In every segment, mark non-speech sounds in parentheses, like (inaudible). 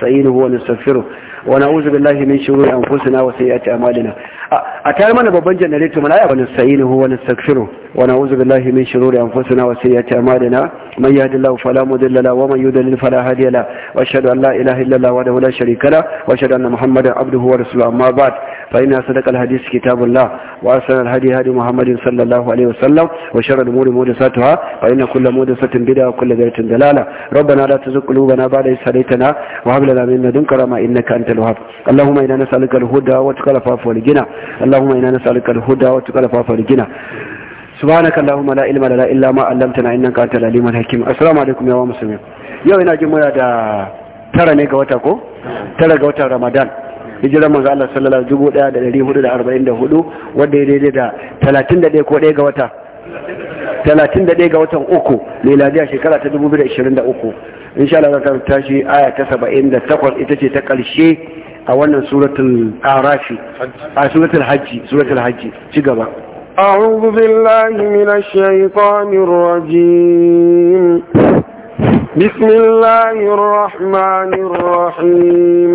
نستعينه ونستغفره ونعوذ بالله من شرور أنفسنا وسيئات أعمالنا أتعلم أن بابن جنريت من آية ونستعينه ونستغفره ونعوذ بالله من شرور أنفسنا وسيئات أعمالنا من يهد الله فلا مضل له ومن يضلل فلا هادي له وأشهد أن لا إله إلا الله وحده لا شريك له وأشهد أن محمدا عبده ورسوله أما بعد فإن أصدق الحديث كتاب الله وأحسن الهدي هدي محمد صلى الله عليه وسلم وشر الأمور محدثاتها فإن كل محدثة بدعة وكل بدعة ضلالة ربنا لا تزغ قلوبنا بعد إذ هديتنا وهب لنا من لدنك رحمة إنك أنت الوهاب اللهم إنا نسألك الهدى وتقى العفو والغنى اللهم إنا نسألك الهدى وتقى العفو والغنى سبحانك اللهم لا علم لنا إلا ما علمتنا إنك أنت العليم الحكيم السلام عليكم يا مسلمين yau ina jin muna da tara ne ga wata ko tara ga watan ramadan hijira manzo Allah sallallahu dubu ɗaya da dari hudu da arba'in da hudu wanda ya daidai da talatin da ɗaya ko ɗaya ga wata talatin da ɗaya ga watan uku miladiya shekara ta dubu biyu da ishirin da uku insha Allah za ta tashi aya ta saba'in da takwas ita ce ta ƙarshe a wannan suratul arafi a suratul hajji suratul hajji ci gaba أعوذ بالله من الشيطان الرجيم بسم الله الرحمن الرحيم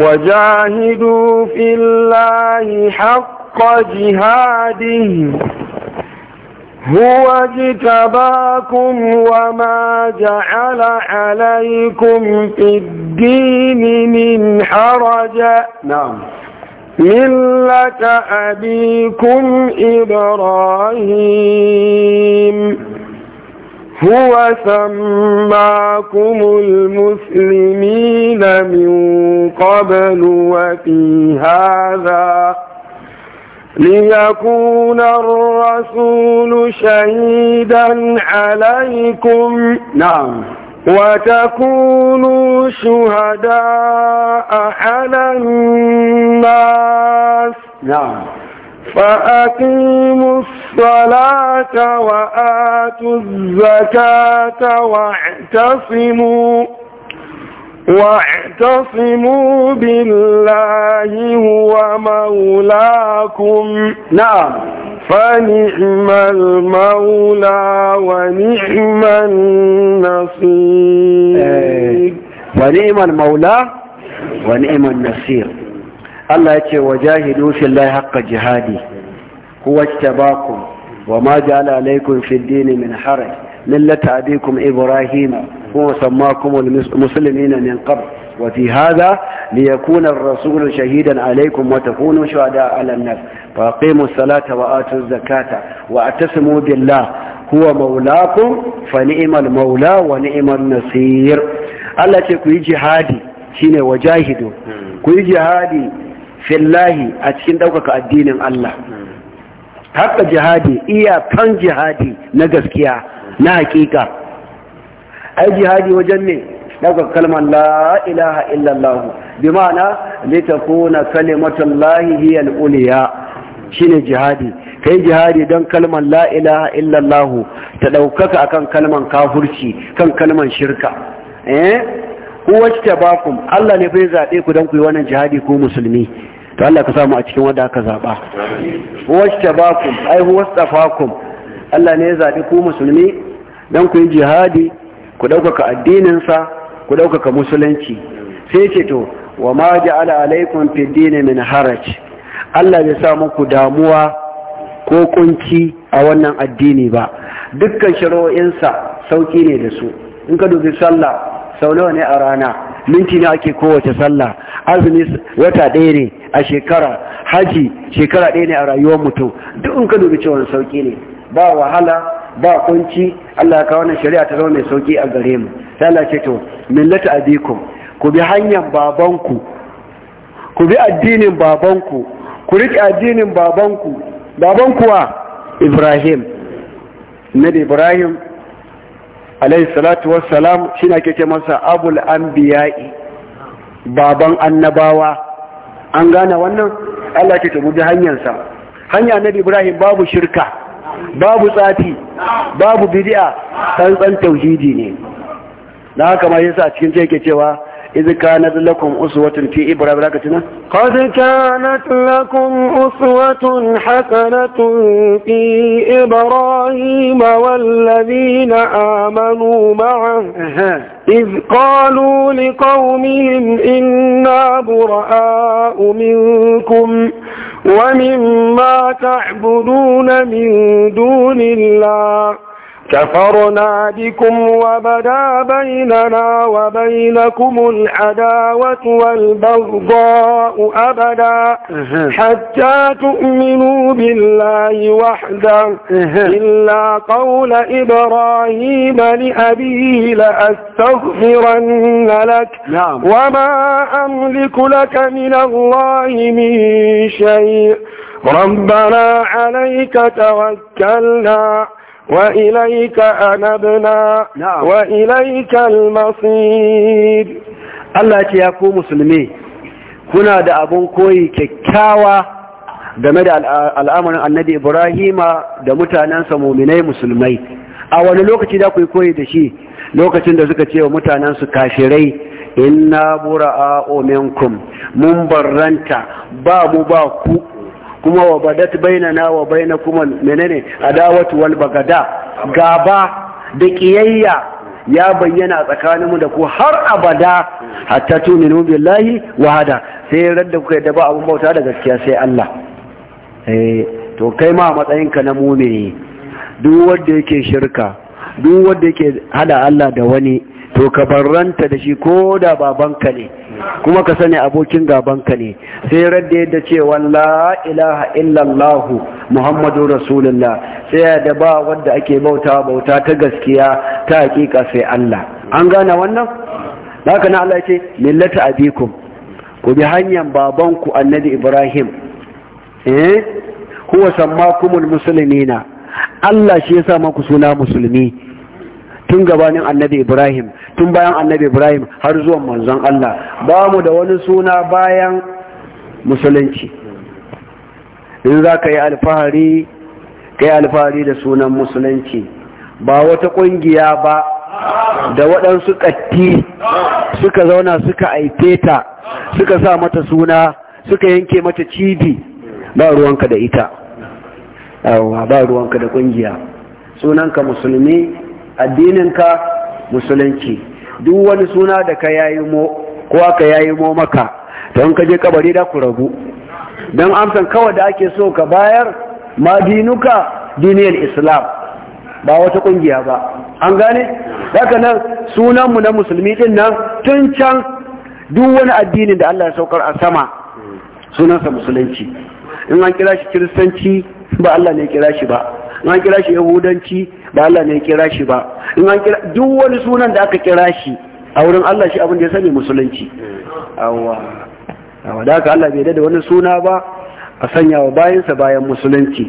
وجاهدوا في الله حق جهاده هو اجتباكم وما جعل عليكم في الدين من حرج نعم ملة أبيكم إبراهيم هو سماكم المسلمين من قبل وفي هذا ليكون الرسول شهيدا عليكم نعم وتكونوا شهداء على الناس نعم فأقيموا الصلاة وآتوا الزكاة واعتصموا واعتصموا بالله هو مولاكم نعم فنعم المولى ونعم النصير آه، ونعم المولى ونعم النصير Allah ya ce wa jahidu fillahi haqqa jihadi huwa ijtabakum wa ma ja'ala alaykum fid din min haraj millata abikum ibrahim huwa sammakum almuslimina min qabl wa fi hadha liyakuna ar-rasulu shahidan alaykum wa takunu shuhada 'ala an-nas fa aqimu as-salata wa atu az-zakata wa atasimu billah huwa maulakum fa ni'mal maula wa ni'mal nasir Allah ce ku yi jihadi shine wajahidu ku yi jihadi fillahi a cikin ɗaukaka addinin Allah haka jihadi iyakan jihadi na gaskiya na hakika ai jihadi wajen ne ɗaukaka kalmar la ilaha illallah bi ma'ana litakuna kalimatullahi lahi al-uliya shine jihadi kai jihadi don kalmar la ilaha illallah ta ɗaukaka akan kalmar kafurci kan kalmar shirka eh kuwa ta bakum Allah ne bai zaɓe ku don ku yi wannan jihadi ko musulmi to Allah ka samu a cikin wanda aka zaba wajtabakum ai huwastafakum Allah ne ya zabi ku musulmi dan ku yi jihadi ku ɗaukaka addinin sa ku ɗaukaka musulunci sai ce to wa ma ja'ala alaikum fi din min haraj Allah bai sa muku damuwa ko kunci a wannan addini ba dukkan shari'o'insa sauki ne da su in ka dubi sallah sau nawa ne a rana minti ne ake kowace sallah azumi wata ɗaya ne a shekara haji shekara ɗaya ne a rayuwar mutum duk in ka dubi cewa sauki ne ba wahala ba kunci Allah ya kawo wannan shari'a ta zama mai sauki a gare mu sai Allah ce to millatu abikum ku bi hanyar babanku ku bi addinin babanku ku riƙe addinin babanku babanku wa Ibrahim Nabi Ibrahim alaihi salatu wassalam na ke ce masa abul anbiya'i baban annabawa an gane wannan Allah ke ce da hanyarsa hanya na Ibrahim babu shirka babu tsafi babu bidi'a tsantsan tauhidi ne Na haka ma yasa cikin ce ke cewa إذ كانت لكم أسوة في إبراهيم لكتنا قد كانت لكم أسوة حسنة في إبراهيم والذين آمنوا معه إذ قالوا لقومهم إنا براء منكم ومما تعبدون من دون الله كفرنا بكم وبدا بيننا وبينكم العداوة والبغضاء أبدا حتى تؤمنوا بالله وحده إلا قول إبراهيم لأبيه لأستغفرن لك نعم. وما أملك لك من الله من شيء ربنا عليك توكلنا وإليك أنبنا وإليك المصير Allah ce ya ku musulmi kuna da abun koyi kyakkyawa game da al'amarin annabi Ibrahima da mutanensa muminai musulmai a wani lokaci da ku yi koyi da shi lokacin da suka ce wa mutanensu kashirai inna bura'a minkum mun barranta ba mu ba ku kuma wa badat bainana wa kuma menene adawatu wal bagada gaba da kiyayya ya bayyana tsakaninmu da ku har abada hatta tuminu billahi wahada sai radda kuka yadda ba abun bauta da gaskiya sai Allah eh to kai ma matsayinka na mumini duk wanda yake shirka duk wanda yake hada Allah da wani to ka barranta da shi ko da babanka ne kuma ka sani abokin gabanka ne sai radda yadda cewa la ilaha illallah muhammadu rasulullah sai da ba wanda ake bauta bauta ta gaskiya ta hakika sai Allah an gane wannan haka na Allah ce millata abikum ku bi hanyar babanku annabi Ibrahim eh huwa sammakumul muslimina Allah shi ya sa maku suna musulmi tun gabanin annabi Ibrahim tun bayan annabi Ibrahim har zuwan manzon Allah ba mu da wani suna bayan musulunci in za ka yi alfahari ka yi alfahari da sunan musulunci ba wata ƙungiya ba da waɗansu ƙatti suka zauna suka aife ta suka sa mata suna suka yanke mata cibi ba ruwanka da ita ba ruwanka da ƙungiya sunanka musulmi addininka musulunci duk wani suna da ka yayi mo ko aka yayi mo maka to in ka je kabari da ku rabu dan amsan kawai da ake so ka bayar ma dinuka diniyar islam ba wata kungiya ba an gane haka nan sunanmu na musulmi din nan tun can duk wani addinin da Allah ya saukar a sama sunansa musulunci in an kira shi kiristanci ba Allah ne kira shi ba in an kira shi yahudanci ba Allah ne ya kira shi ba in an kira duk wani sunan da aka kira shi a wurin Allah shi abin da ya sani musulunci awwa awwa da ka Allah bai da wani suna ba a sanya wa bayansa bayan musulunci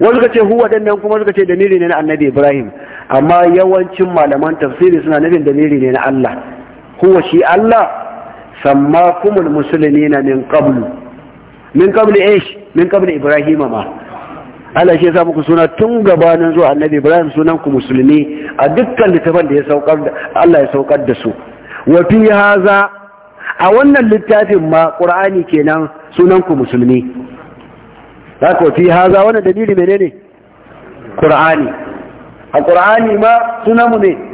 wani ka ce huwa nan kuma suka ce dalili ne na annabi Ibrahim amma yawancin malaman tafsiri suna nufin dalili ne na Allah huwa shi Allah sammakumul muslimina min qablu min qabli ايش min qabli ibrahima ma Allah shi ya sa muku suna tun gabanin zuwa annabi Ibrahim sunan ku musulmi a dukkan littafan da ya saukar da Allah ya saukar da su wa fi haza a wannan littafin ma Qur'ani kenan sunan ku musulmi zaka fi haza wannan dalili menene Qur'ani a Qur'ani ma sunan mu ne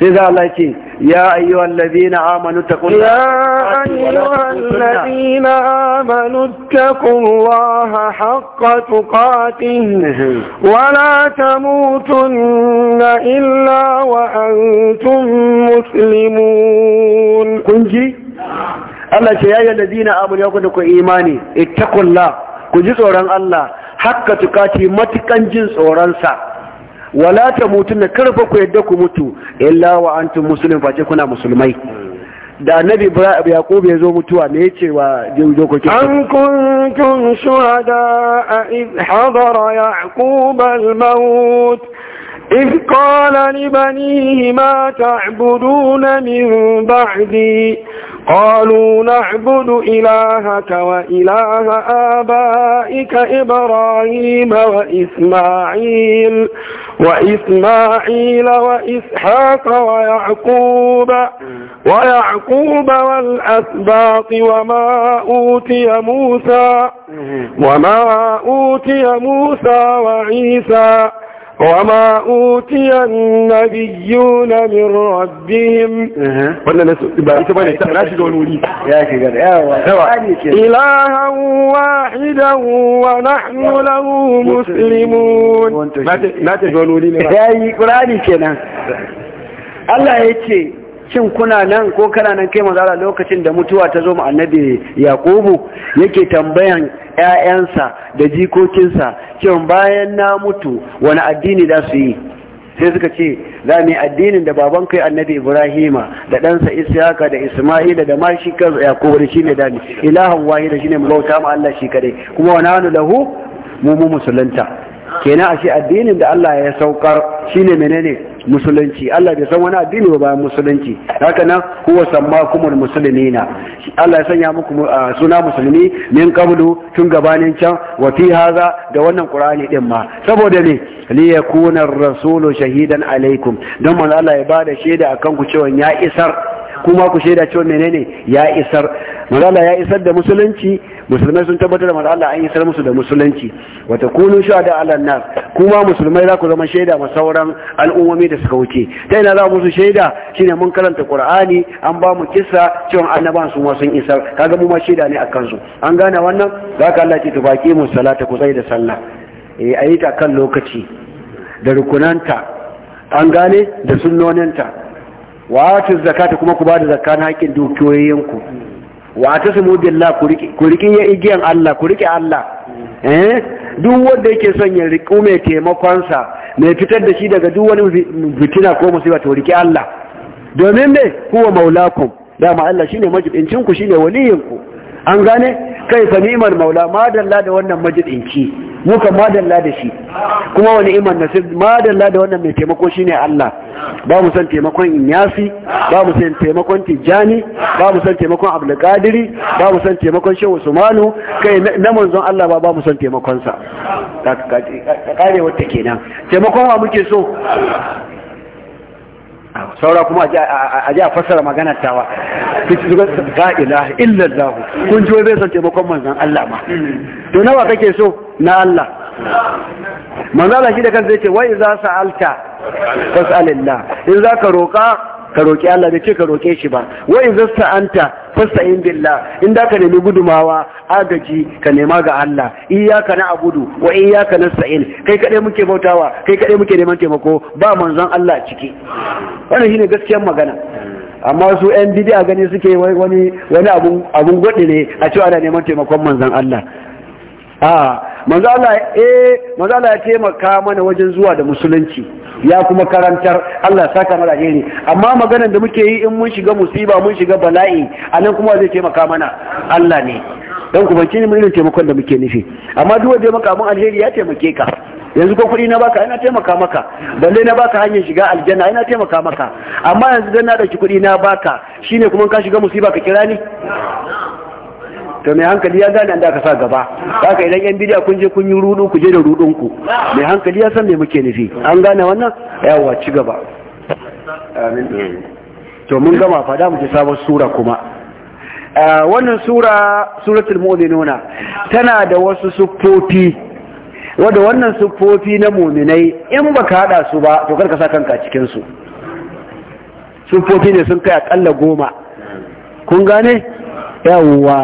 sai za Allah ce ya ayyuhal ladina amanu taqullaha ya ayyuhal ladina amanu taqullaha haqqa tuqatih wa la tamutunna illa wa antum muslimun kunji Allah ce ya ayyuhal ladina amanu ya ku imani ittaqullaha ku ji tsoron Allah haqqa tuqati matukan jin tsoron sa wala tamutunna karfa ku yadda ku mutu illa wa antum muslimun face kuna musulmai da annabi ibrahim yaqub ya zo mutuwa me yace wa dokokin an kuntum shuhada id hadara yaqub al maut إذ قال لبنيه ما تعبدون من بعدي قالوا نعبد إلهك وإله آبائك إبراهيم وإسماعيل وإسماعيل وإسحاق ويعقوب ويعقوب والأسباط وما أوتي موسى وما أوتي موسى وعيسى وما أوتي النبيون من ربهم إلها واحدا ونحن له مسلمون ما تقولوا لي قرآني كنا الله يتشي shin kuna nan ko kana nan kai manzo lokacin da mutuwa ta zo mu annabi Yakubu yake tambayan ƴaƴansa da jikokinsa cewa bayan na mutu wani addini za su yi sai suka ce za mu yi addinin da baban kai annabi Ibrahima da ɗansa Isyaka da Isma'ila da ma shi kansa Yakubu da shine dani ilahan wahida shine mu ma Allah shi kadai kuma wa nanu lahu mu mu musulunta kenan ashe addinin da Allah ya saukar shine menene musulunci Allah bai san wani addini ba bayan musulunci haka nan huwa sammakumul na. Allah ya sanya muku uh, suna musulmi min qablu tun gabanin can wa fi haza da wannan qur'ani din ma saboda ne li yakuna ar-rasulu shahidan alaikum don manzo Allah ya bada shaida akan ku cewa ya isar kuma ku shaida cewa menene ya isar Malala ya isar da musulunci musulmai sun tabbatar da malala an isar musu da musulunci wata kunu da Allah na. kuma musulmai za ku zama shaida ma sauran al'ummomi da suka wuce ta ina za su shaida shine mun karanta qur'ani an ba mu kissa cewa annaban su ma sun isar kaga mu ma shaida ne akan su an gane wannan Za ka Allah ce tubaki mu salata ku tsaya da sallah eh ayi ta kan lokaci da rukunanta an gane da sunnoninta wa zakata kuma ku ba da na haƙƙin dukiyoyinku wa ta samu la ku ya igiyan Allah ku riƙe Allah eh duk wanda yake son ya riƙo mai sa mai fitar da shi daga duk wani fitina ko musiba to riƙe Allah domin me huwa maulakum dama Allah shine majibincin ku shine waliyin an gane kai fa ni'mal maula madalla da wannan majibinci mu kan madalla da shi kuma wani iman nasir madalla da wannan mai taimako shine Allah ba mu san taimakon inyasi ba mu san taimakon tijjani ba mu san taimakon abdulkadiri ba mu san taimakon shehu usmanu kai na manzon Allah ba ba mu san taimakon sa kare wata kenan taimakon wa muke so saura kuma a ji a fassara magana tawa la illa illallah kun ji bai san taimakon manzan Allah ma to nawa kake so na Allah manzon Allah shi da zai ce wa za sa'alta fas'alillah in zaka roka ka roƙi Allah bai ce ka roƙe shi ba wa in zasta anta in billah in da ka nemi gudumawa agaji ka nema ga Allah iyyaka na'budu wa iyyaka nasta'in kai kadai muke bautawa kai kadai muke neman taimako ba manzon Allah ciki wannan shine gaskiyar magana amma su yan a gani suke wani wani abun abun ne a cewa ana neman taimakon manzon Allah a Eh, manzo Allah ya taimaka mana wajen zuwa da musulunci ya kuma karantar Allah saka mana alheri amma maganar da muke yi in mun shiga musiba mun shiga bala'i anan kuma zai taimaka mana Allah ne dan kuma kin mun irin taimakon da muke nufi amma duk wanda maka mun alheri ya taimake ka yanzu ko kuɗi na baka ina taimaka maka balle na baka hanyar shiga aljanna ina taimaka maka amma yanzu dan na dauki kuɗi na baka shine kuma ka shiga musiba ka kira ni to mai hankali ya gane an da aka sa gaba haka idan yan bidiya kun je kun yi rudu ku je da rudun ku mai hankali ya san me muke nufi an gane wannan yawa ci gaba amin to mun gama fada mu ci sabon sura kuma wannan sura suratul mu'minuna tana da wasu siffofi wanda wannan siffofi na mu'minai in baka hada su ba to karka sa kanka a cikin su siffofi ne sun kai akalla goma kun gane yawwa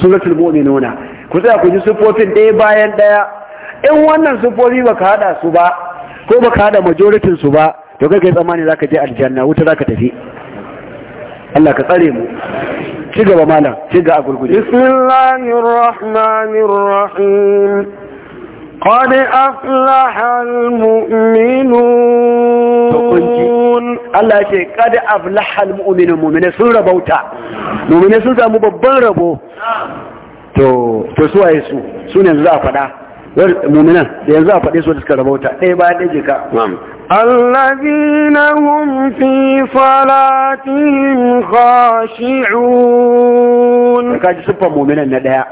suratul mu'minuna ku tsaya ku ji sufofin ɗaya bayan ɗaya in wannan sufofi baka haɗa su ba ko baka haɗa majoritin su ba to kai kai tsammani zaka je aljanna wuta zaka tafi Allah ka tsare mu ci gaba malam ci ga a bismillahir rahmanir rahim قد أفلح المؤمنون الله يقول قد أفلح المؤمنون مؤمنين سن ربوتا مؤمنين سن سامو ببن ربو to to su waye su su ne yanzu za a faɗa muminan da yanzu a faɗe su da suka rabauta ɗaya bayan ɗaya jika الذين هم في صلاتهم خاشعون kaji sufan muminan na ɗaya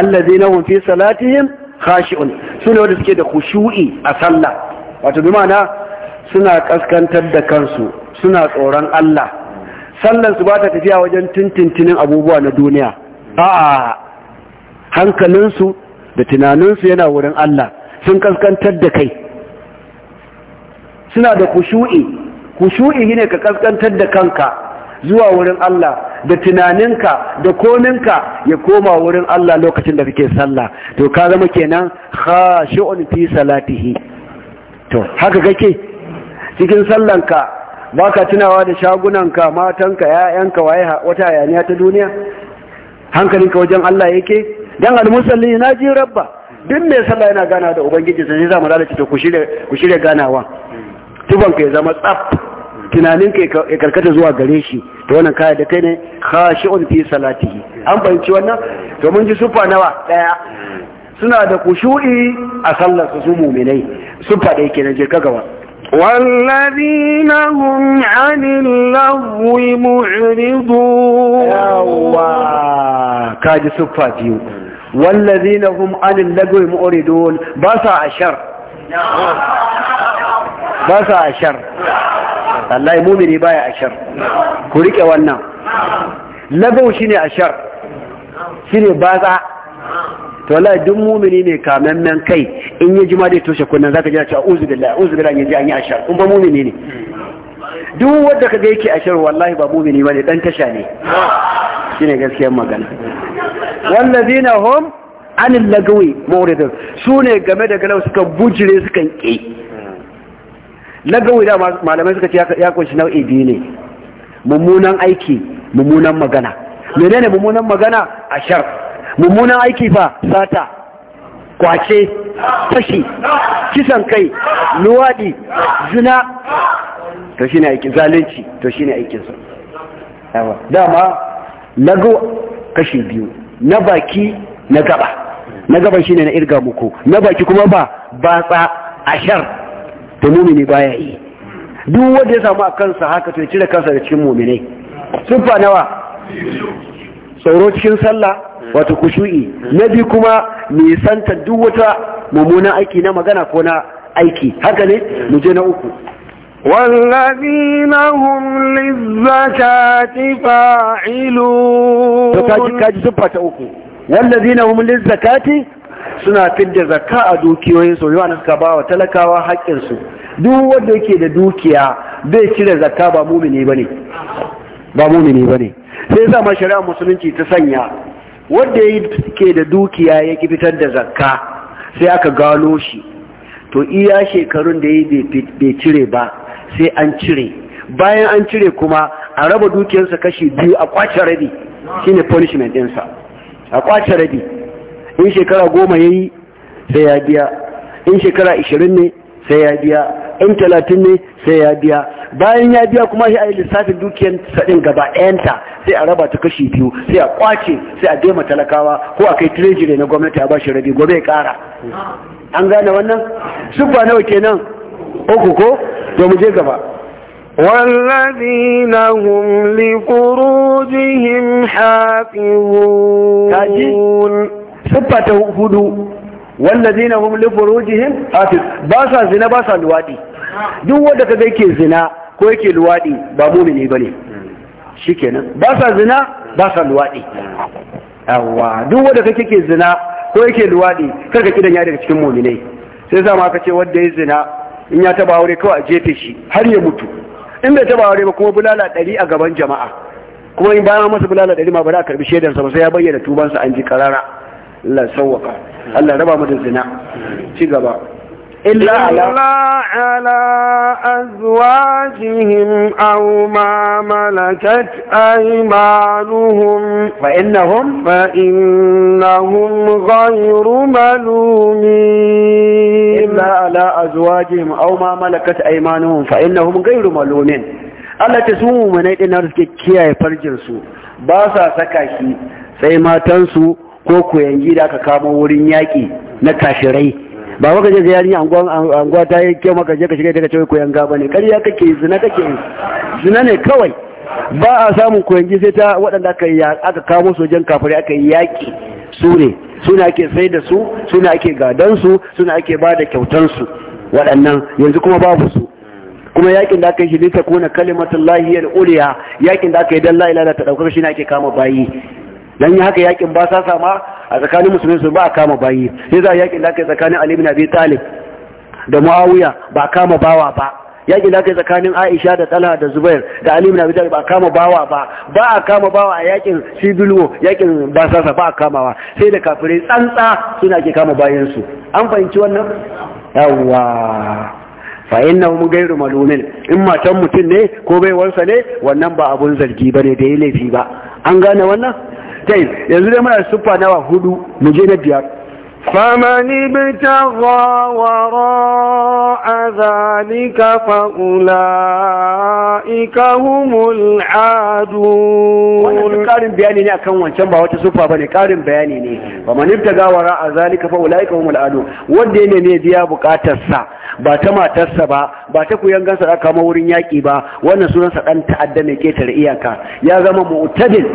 الذين هم في صلاتهم khashi'un sune ne wanda suke da khushu'i a sallah wato bi ma'ana suna kaskantar da kansu suna tsoron Allah sallan su ba ta tafiya wajen tintintinin abubuwa na duniya a'a hankalinsu da tunaninsu yana wurin Allah sun kaskantar da kai suna da khushu'i khushu'i ne ka kaskantar da kanka zuwa wurin Allah da tunaninka da kominka ya koma wurin Allah lokacin da kake sallah to ka zama kenan khashu'un fi salatihi to haka kake cikin sallanka baka tunawa da shagunanka matanka yayanka waye wata yaniya ta duniya hankalinka wajen Allah yake dan almusalli naji rabba duk mai sallah yana gana da ubangiji sai za mu lalace to ku shirya ganawa tubanka ya zama tsaf tunanin ka ya karkata zuwa gare shi to wannan kaya da kai ne khashi'un fi salatihi an banci wannan to mun ji sufa nawa daya suna da kushu'i a sallar su mu'minai sufa da yake je kaga wa والذين هم عن اللغو معرضون يوا كاجي سفا والذين هم عن اللغو معرضون باسا عشر باسا عشر wallahi mumini baya ashar ku rike wannan lagau shine ashar shine baza to wallahi duk mumini ne kamammen kai in ya jima dai toshe kunnan zaka ji a ce a'udhu billahi uzu billahi ji an yi ashar kun ba mumini ne duk wanda kaga yake ashar wallahi ba mumini bane dan tasha ne shine gaskiyar magana wallazina hum anil lagwi muridun sune game da galau suka bujire sukan ki lagawi da malamai suka ce ya kunshi nau'i biyu ne mummunan aiki mummunan magana menene mummunan magana a shar mummunan aiki fa sata kwace fashi kisan kai luwadi zina to shine aiki zalunci to shine aikin sa Dama dama lago kashi biyu na baki na gaba na shi shine na irga muku na baki kuma ba batsa ashar da mumini baya yi duk wanda ya samu a kansa haka to ya cire kansa da cikin muminai sufa nawa tsoro cikin sallah wato kushu'i na biyu kuma nisanta duk wata mummunan aiki na magana ko na aiki haka ne mu je na uku والذين هم للزكاة فاعلون kaji kaji uku والذين هم للزكاة suna fidda zakka a dukiyoyinsu yawa na suka ba wa talakawa haƙƙinsu duk wanda yake da dukiya bai cire zakka ba mumini bane ba mumini bane sai yasa ma shari'a musulunci ta sanya wanda ya yake da dukiya ya ki fitar da zakka sai aka gano shi to iya shekarun da yayi bai cire ba sai an cire bayan an cire kuma a raba dukiyarsa kashi biyu a kwace rabi shine punishment ɗinsa a kwace rabi in shekara goma ya yi sai ya biya in shekara ishirin ne sai ya biya in talatin ne sai ya biya bayan ya biya kuma shi a yi lissafin dukiyar sadin gaba ɗayanta sai a raba ta kashi biyu sai a kwace sai a daima talakawa ko a kai tirejire na gwamnati a ba shi rabi gobe ya ƙara an gane wannan siffa nawa kenan uku ko to mu je gaba والذين هم لفروجهم حافظون سبة هدو والذين هم لفروجهم حافظ باسا زنا باسا لوادي duk wanda kaga yake zina ko yake luwaɗi, ba mumini bane shikenan ba sa zina ba sa luwadi yawa duk wanda kake ke zina ko yake luwadi karka kidan ya daga cikin muminai sai sa ma aka ce wanda ya zina in ya taba aure kawai a jefe shi har ya mutu in bai taba aure ba kuma bulala ɗari a gaban jama'a kuma in bayan masa bulala ɗari ma ba za a karbi shaidan sa sai ya bayyana tubansa an ji karara Allah sauwaka Allah raba mu zina ci gaba إلا على, على أزواجهم أو ما ملكت أيمانهم فإنهم فإنهم غير ملومين إلا على أزواجهم أو ما ملكت أيمانهم فإنهم غير ملومين Allah ta sun mu ne dinar suke kiyaye farjinsu ba sa saka shi sai matansu ko koyan gida ka kama wurin yaƙi na kashirai ba maka je ga yarinya anguwa ta yi kyau maka je ka shiga daga cewa koyan gaba ne kariya kake zina kake zina ne kawai ba a samun koyangi sai ta waɗanda aka aka kamo sojan kafare aka yi yaƙi su ne suna ake sai da su suna ake su, suna ake ba da kyautansu waɗannan yanzu kuma babu su kuma yakin da aka yi shi ta kuna kalimatun lahiyar uliya yakin da aka yi don la'ila da ta ɗaukar shi ne ake kama bayi don yi haka yakin ba sa sama a tsakanin musulmi su ba a kama bayi sai za a yakin da tsakanin ali bin abi talib da muawiya ba kama bawa ba yakin da tsakanin aisha da talha da zubair da ali bin abi talib ba kama bawa ba ba a kama bawa a yakin civil war yakin basasa ba a kamawa sai da kafirai tsantsa suna ke kama bayansu, su an fahimci wannan yawwa fa innahum ghayru malumin in matan mutum ne ko baiwarsa ne wannan ba abun zargi bane da ya laifi ba an gane wannan yanzu dai muna siffa nawa hudu mu je na biyar فمن ابتغى wannan karin bayani ne akan wancan ba wata sufa bane karin bayani ne faman ibtaga a zalika faulaika humul adu wanda ne ne biya bukatarsa ba ta matarsa ba ba ta gansa da kama wurin yaki ba wannan sunan sa dan ta'adda mai ketare iyaka ya zama mu'tadil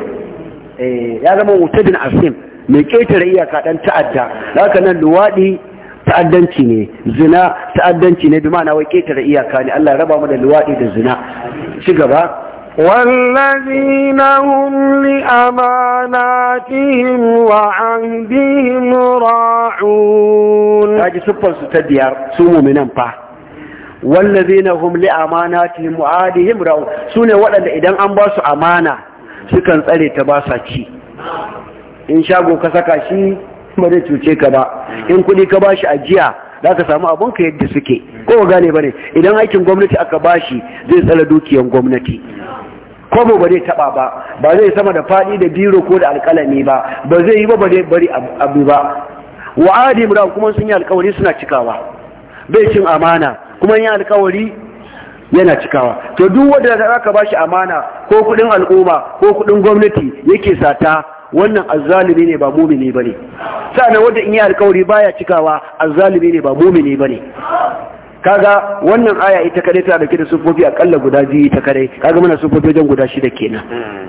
Eh, ya zama mutadin asim mai ƙetare iyaka ɗan ta'adda haka nan luwaɗi ta'addanci ne zina ta'addanci ne Bima na wai ƙetare iyaka ne Allah raba mu da luwaɗi da zina ci gaba والذين هم لأماناتهم وعهدهم راعون هذه سبحان ستديار سومو من أنفع والذين هم لأماناتهم وعهدهم راعون سنة ولا إذا أنبسوا أمانة sukan tsare ta ba sa ci in shago ka saka shi ba zai cuce ka ba in kuɗi ka ba shi ajiya za ka samu abun ka yadda suke ko gane ba ne idan aikin gwamnati aka ba shi zai tsare dukiyar gwamnati ko ba zai taba ba ba zai sama da faɗi da biro ko da alkalami ba ba zai yi ba ba zai bari abu ba wa'adi mura kuma sun yi alkawari suna cikawa bai cin amana kuma yin alkawari yana cikawa to duk wanda za ka bashi amana ko kudin al'umma ko kudin gwamnati yake sata wannan azzalimi ne ba mumini bane sannan wanda in yi alkawari baya cikawa azzalimi ne ba mumini bane kaga wannan aya ita kadai ta dauke da sufofi akalla guda biyu ta kare kaga muna sufofi wajen guda shida kenan hmm.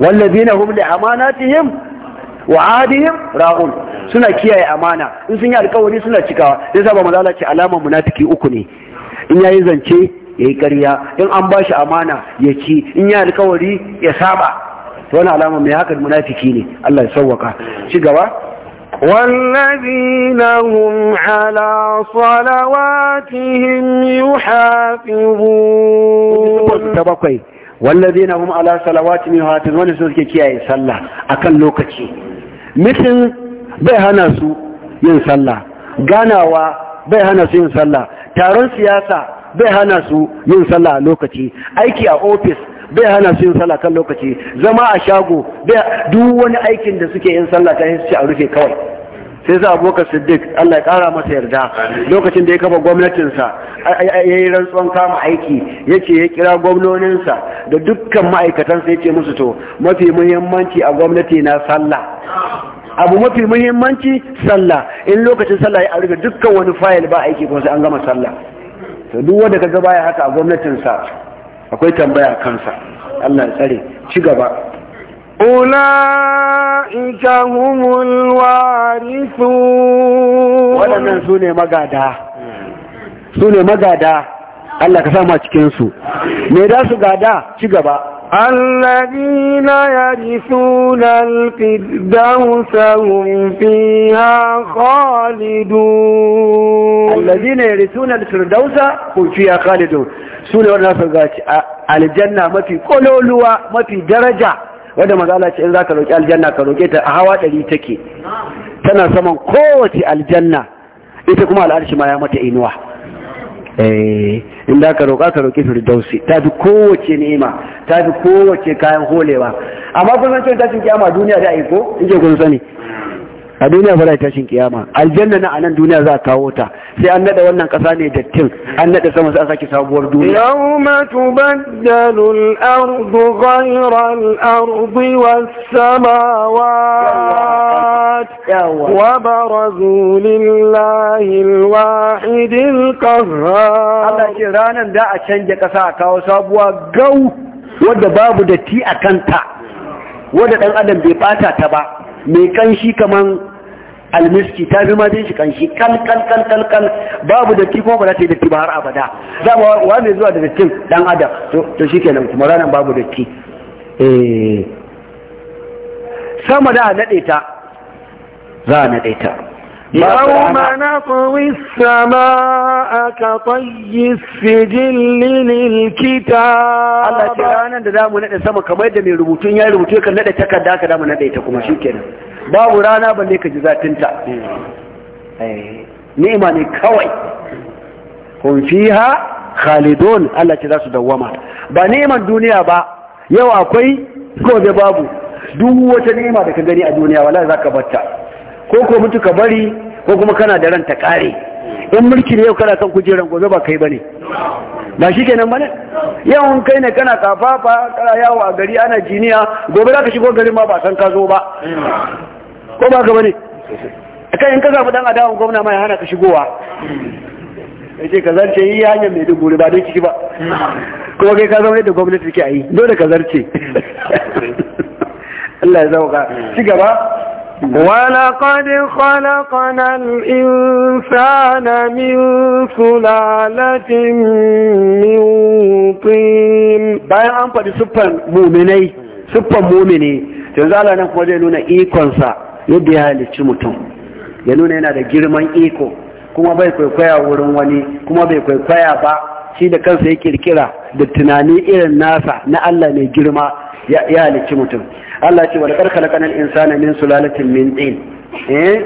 wallazina hum li amanatihim wa adihim ra'un suna kiyaye amana in sun yi alkawari suna cikawa sai saba manzo Allah ce alaman munafiki uku ne in yayi zance ya yi in an ba shi amana ya ci in yi alkawari ya saba wani alama mai haka munafiki ne Allah ya sauwaka ci gaba والذين هم على صلواتهم يحافظون والذين هم على صلواتهم يحافظون wani suke kiyaye sallah kan lokaci mutum bai hana su yin sallah ganawa bai hana su yin sallah taron siyasa bai hana su yin sallah a lokaci aiki a ofis bai hana su yin sallah kan lokaci zama a shago duk wani aikin da suke yin sallah ta hisci a rufe kawai sai sa boka siddiq allah ya kara masa yarda lokacin da ya kafa gwamnatinsa ya yi rantsuwan kama aiki ya ce ya kira gwamnoninsa da dukkan ma'aikatansa ya ce musu to mafi muhimmanci a gwamnati na sallah abu mafi muhimmanci sallah in lokacin sallah ya rufe dukkan wani fayil ba aiki kuma sai an gama sallah to duk wanda kaga baya haka a gwamnatinsa akwai tambaya kansa Allah ya tsare ci gaba ulaika humul warisu waɗannan su ne magada su ne magada Allah ka sama cikin su me za su gada ci gaba الذين يرثون الفردوس هم فيها خالدون الذين يرثون الفردوس هم فيها خالدون سورة ونفقات الجنة ما في قلولوا ما في درجة wanda mazala ce in za ka roƙi aljanna ka roƙe ta a hawa ɗari take tana saman kowace aljanna ita kuma al'arshi ma ya mata inuwa eh in da ka roƙa ka roƙi firdausi ta fi kowace ni'ima ta fi kowace kayan holewa amma kun san cewa tashin kiyama duniya da aiko in je kun sani a duniya ba ta tashin kiyama aljanna na anan duniya za a kawo ta sai an nada wannan kasa ne dattin an nada sama sai aka saki sabuwar duniya yawma tubaddalu al-ardu ghayra al-ardi was-samawat wa barazu lillahi al-wahid al-qahhar Allah ce ranan da a canje kasa a kawo sabuwa gau wadda babu datti a kanta wadda dan adam bai bata ta ba mai kanshi kaman almiski ta fi majin shi kanshi kal kal kal kal kal babu da kuma ba za ta yi datti ba har abada za mu wa mai zuwa da dattin dan adam to shi kenan kuma ranar babu datti eh. sama da a naɗe ta za a naɗe ta يوم نطوي السماء كطي السجل للكتاب Allah ce ranar da zamu nade sama kamar yadda mai rubutun ya rubutu kan nade takarda ka zamu nade ta kuma shikenan babu rana balle ka ji zatin ta ni'ima ne kawai kun fiha khalidun Allah ce za su dawwama ba ni'iman duniya ba yau akwai gobe babu duk wata ni'ima da ka gani a duniya wallahi zaka batta ko ko mutu ka bari ko kuma kana da ran ta kare in mulki ne yau kana kan kujeran gobe ba kai bane ba shi kenan bane yau in kai ne kana kafafa kana yawo a gari ana jiniya gobe za ka shigo garin ma ba san ka zo ba ko ba ka bane kai in ka zafi dan adawan gwamna ma ya hana ka shigowa yace ka zarce yi hanyar mai dubu ba don ciki ba kuma kai ka zama yadda gwamnati take a yi dole ka zarce (laughs) Allah ya zauka ci gaba ولقد خلقنا الإنسان من سلالة من طين bayan an faɗi siffan muminai siffan mumini yanzu Allah nan kuma zai nuna ikonsa yadda ya halicci mutum ya nuna yana da girman iko kuma bai kwaikwaya wurin wani kuma bai kwaikwaya ba shi da kansa ya kirkira da tunani irin nasa na Allah mai girma ya halicci mutum Allah ce wani karka lakana insana min sulalatin min ɗin, eh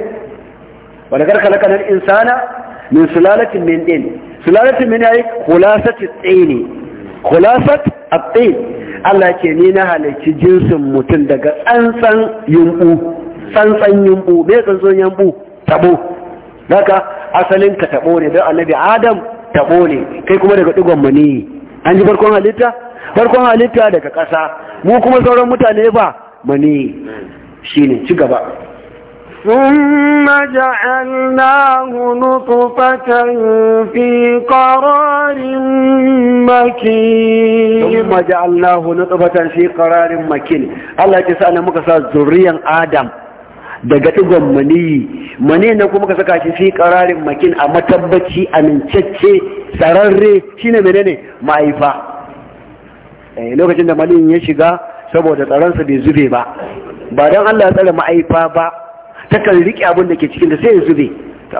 wani karka lakana insana min sulalatin min din sulalatin min yayi khulasat tsini khulasat at-tin Allah ce ni na halarci jinsin mutum daga tsantsan yumbu tsantsan yumbu me tsantsan yumbu tabo daga asalin ka tabo ne don annabi adam tabo ne kai kuma daga digon mani an ji farkon halitta farkon halitta daga ƙasa mu kuma sauran mutane ba mani shine ci gaba ثم جعلناه نطفة في قرار مكين ثم جعلناه نطفة في قرار مكين الله muka مكسا ذريا آدم daga ɗigon maniyi mani na kuma ka saka shi fi ƙararin makin a matabbaci amincacce tsararre shine menene ma'aifa eh, lokacin da malin ya shiga saboda tsaronsa bai zube ba ba don Allah ya tsara ma'aifa ba takan riƙe abin da ke cikin da sai ya zube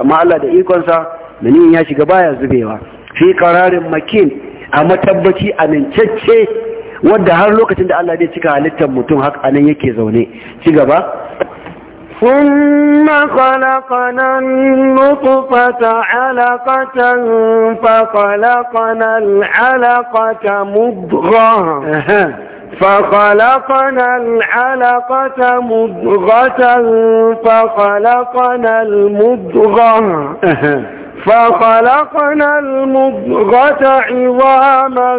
amma Allah da ikonsa da ni ya shiga baya zubewa fi kararin makin a matabbaci amincacce wadda har lokacin da Allah zai cika halittar mutum haka nan yake zaune ci gaba ثم خلقنا النطفة علقة فخلقنا العلقة مضغة فخلقنا العلقة مضغة فخلقنا المضغة فخلقنا المضغة عظاما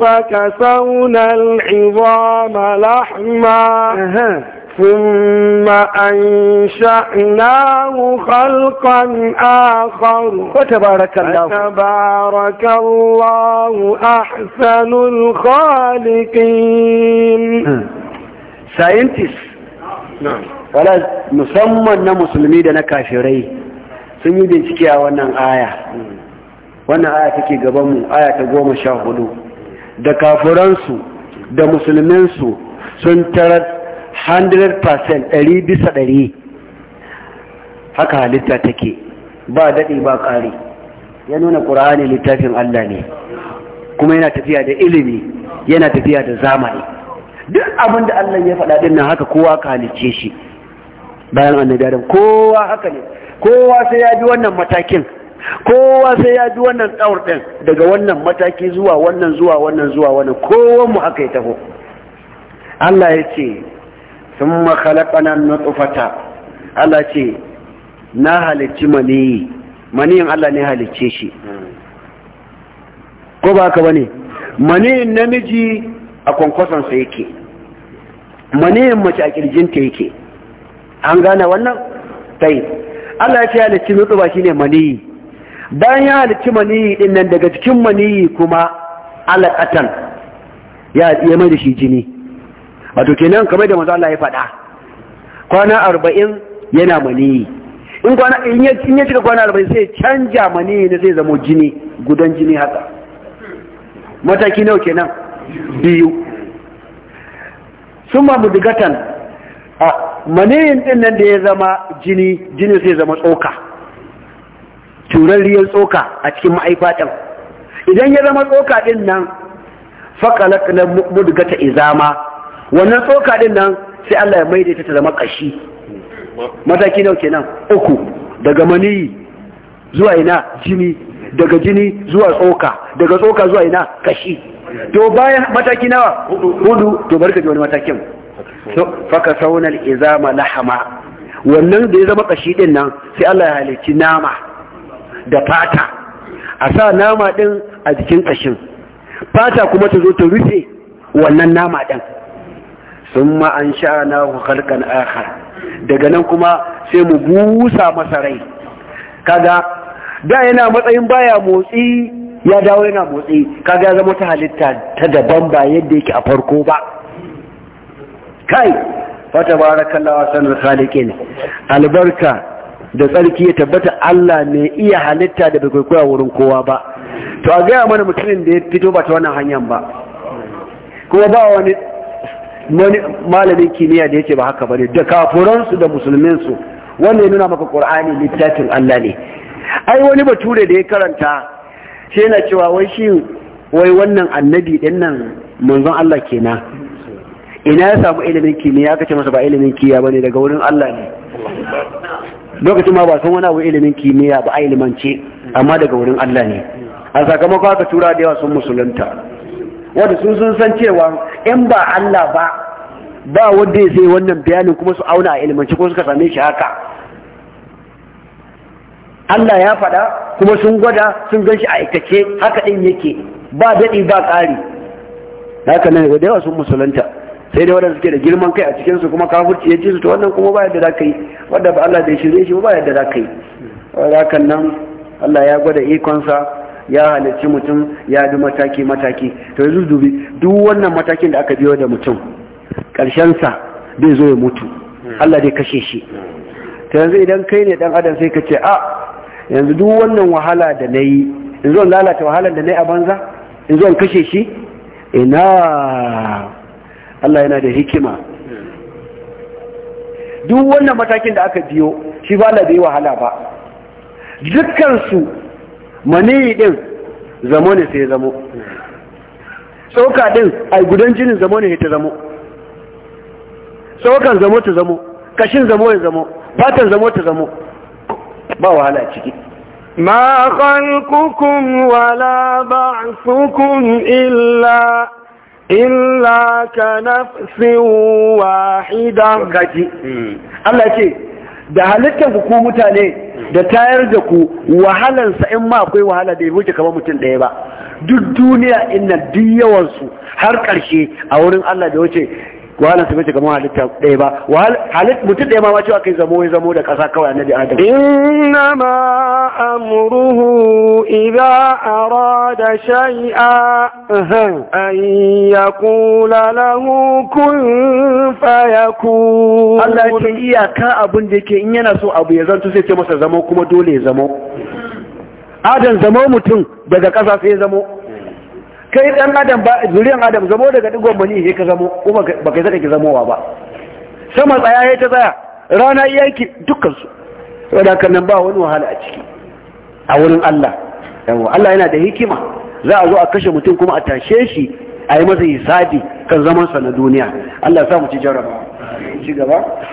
فكسونا العظام لحما ثم أنشأناه خلقا آخر وتبارك الله تبارك الله أحسن الخالقين ساينتس نعم wala musamman na musulmi da na kafirai sun yi bincike a wannan aya wannan aya take gabanmu aya ta goma sha hudu da kafiransu da musulminsu sun tarar 100% ɗari bisa ɗari haka halitta take ba daɗi ba ƙari ya nuna ƙura'ani littafin Allah ne kuma yana tafiya da ilimi yana tafiya da zamani duk abin da Allah ya faɗa ɗin nan haka kowa ka halicce shi bayan annabi adam kowa haka ne kowa sai ya bi wannan matakin kowa sai ya bi wannan tsawar ɗin daga wannan mataki zuwa wannan zuwa wannan zuwa wannan kowanmu haka ya taho Allah ya ce sun makhalakana na tsufata Allah ce na halicci maniyi maniyin Allah ne halicce shi ko ba haka ba ne maniyin namiji a kwankwasonsa yake maniyin mace a kirjinta yake an gane wannan tai Allah ya ce halicci nutsu shi ne maniyi bayan ya halicci maniyi din nan daga cikin maniyi kuma alaƙatan ya mai da shi jini wato kenan kamar da manzo Allah ya faɗa kwana arba'in yana mani in kwana in ya in ya cika kwana arba'in sai canja mani ne zai zama jini gudan jini haka mataki nawa kenan biyu suma mudigatan a maniyin din nan da ya zama jini jini sai zama tsoka turarriyar tsoka a cikin ma'aifa idan ya zama tsoka din nan faƙalar mudigata izama wannan tsoka din nan sai Allah ya maida ta zama kashi mataki nau kenan uku daga maniyi zuwa ina jini daga jini zuwa tsoka daga tsoka zuwa ina kashi to bayan mataki nawa hudu to barka ji wani matakin faka saunar izama lahama wannan da ya zama kashi din nan sai Allah ya halici nama da fata a sa nama ɗin a jikin ƙashin, fata kuma ta zo ta rufe wannan nama ɗin. sun ma'an sha'ana ku halkan aka daga nan kuma sai mu busa masa rai kaga da yana matsayin baya motsi ya dawo yana motsi kaga ya zama ta halitta ta daban ba yadda yake a farko ba kai fata barakallahu sanar khaliqin albarka da tsarki ya tabbata Allah ne iya halitta da bai kwaikwaya wurin kowa ba to a gaya mana mutumin da ya fito ba ta wannan hanyar ba kuma ba wani wani malamin kimiyya da yake ba haka bane da kafuransu da su wannan ya nuna maka qur'ani littafin Allah ne ai wani bature da ya karanta sai yana cewa wai shi wai wannan annabi din nan manzon Allah kenan ina ya samu ilimin kimiyya kace ce masa ba ilimin kimiyya bane daga wurin Allah ne lokacin ma ba san wani abu ilimin kimiyya ba a ilimance amma daga wurin Allah ne a sakamakon ka tura da yawa sun musulunta wanda sun sun san cewa in ba Allah ba ba wanda ya sai wannan bayanin kuma su auna a ilmanci ko suka same shi haka Allah ya faɗa kuma sun gwada sun gan shi a aikace haka ɗin yake ba daɗi ba ƙari haka nan da yawa sun musulunta sai dai waɗanda suke da girman kai a cikinsu kuma kafurci ya ci su to wannan kuma ba yadda za ka yi wadda ba Allah bai shirye shi ba yadda za ka yi hakan nan Allah ya gwada ikonsa ya halarci mutum ya bi mataki mataki to yanzu dubi duk wannan matakin da aka biyo da mutum sa bai zo ya mutu Allah dai kashe shi to yanzu idan kai ne dan adam sai ka ce a ah, yanzu duk wannan wahala da na yi in zo lalata wahalar da na yi a banza in zo kashe shi ina Allah yana da hikima duk wannan matakin da aka biyo shi ba la bai wahala ba dukkansu maniyi din zamo ne sai zamo tsoka din ai gudan jinin zamo ne ta zamo tsokan zamo ta zamo kashin zamo ya zamo fatan zamo ta zamo ba wahala ciki wala ما illa illa, ka إلا إلا كنفس واحدة Allah ce. da halittar ku mutane da tayar da ku wahalarsa in ma akwai wahala da ya wuce kamar mutum ɗaya ba duk duniya inna duk yawansu har ƙarshe a wurin Allah da wuce wala su bace kamar halitta ɗaya ba halitta mutum ɗaya ma ma cewa kai zamo ya zamo da ƙasa kawai annabi adam inna ma amruhu idza arada shay'a an yaqula lahu kun fayakun Allah ke iyaka abin da yake in yana so abu ya zanto sai ce masa zamo kuma dole ya zamo adam zamo mutum daga ƙasa sai ya zamo kai dan adam ba zuriyan adam zamo daga digon bani sai ka zamo kuma ba kai zaka ki zamowa ba sama tsaya yayi ta tsaya rana yayi dukkan su wanda kan nan ba wani wahala a ciki a wurin Allah yawa Allah yana da hikima za a zo a kashe mutum kuma a tashe shi a yi masa hisabi kan zaman sa na duniya Allah ya sa mu ci jarrabawa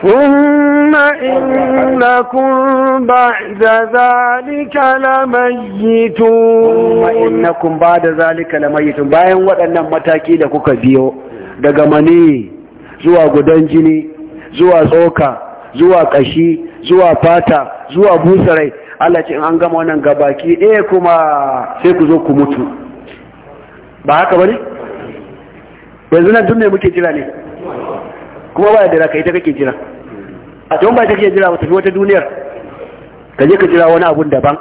ثم إنكم بعد ذلك لميتون ثم إنكم بعد ذلك لميتون bayan waɗannan mataki da kuka biyo daga mani zuwa gudan jini zuwa tsoka zuwa ƙashi, zuwa fata zuwa busarai Allah ce an gama wannan gabaki ɗaya kuma sai ku zo ku mutu ba haka bane yanzu nan duk ne muke jira ne kuma ba da raka ita kake jira a tun ba ta kake jira ba tafi wata duniyar ka je ka jira wani abun daban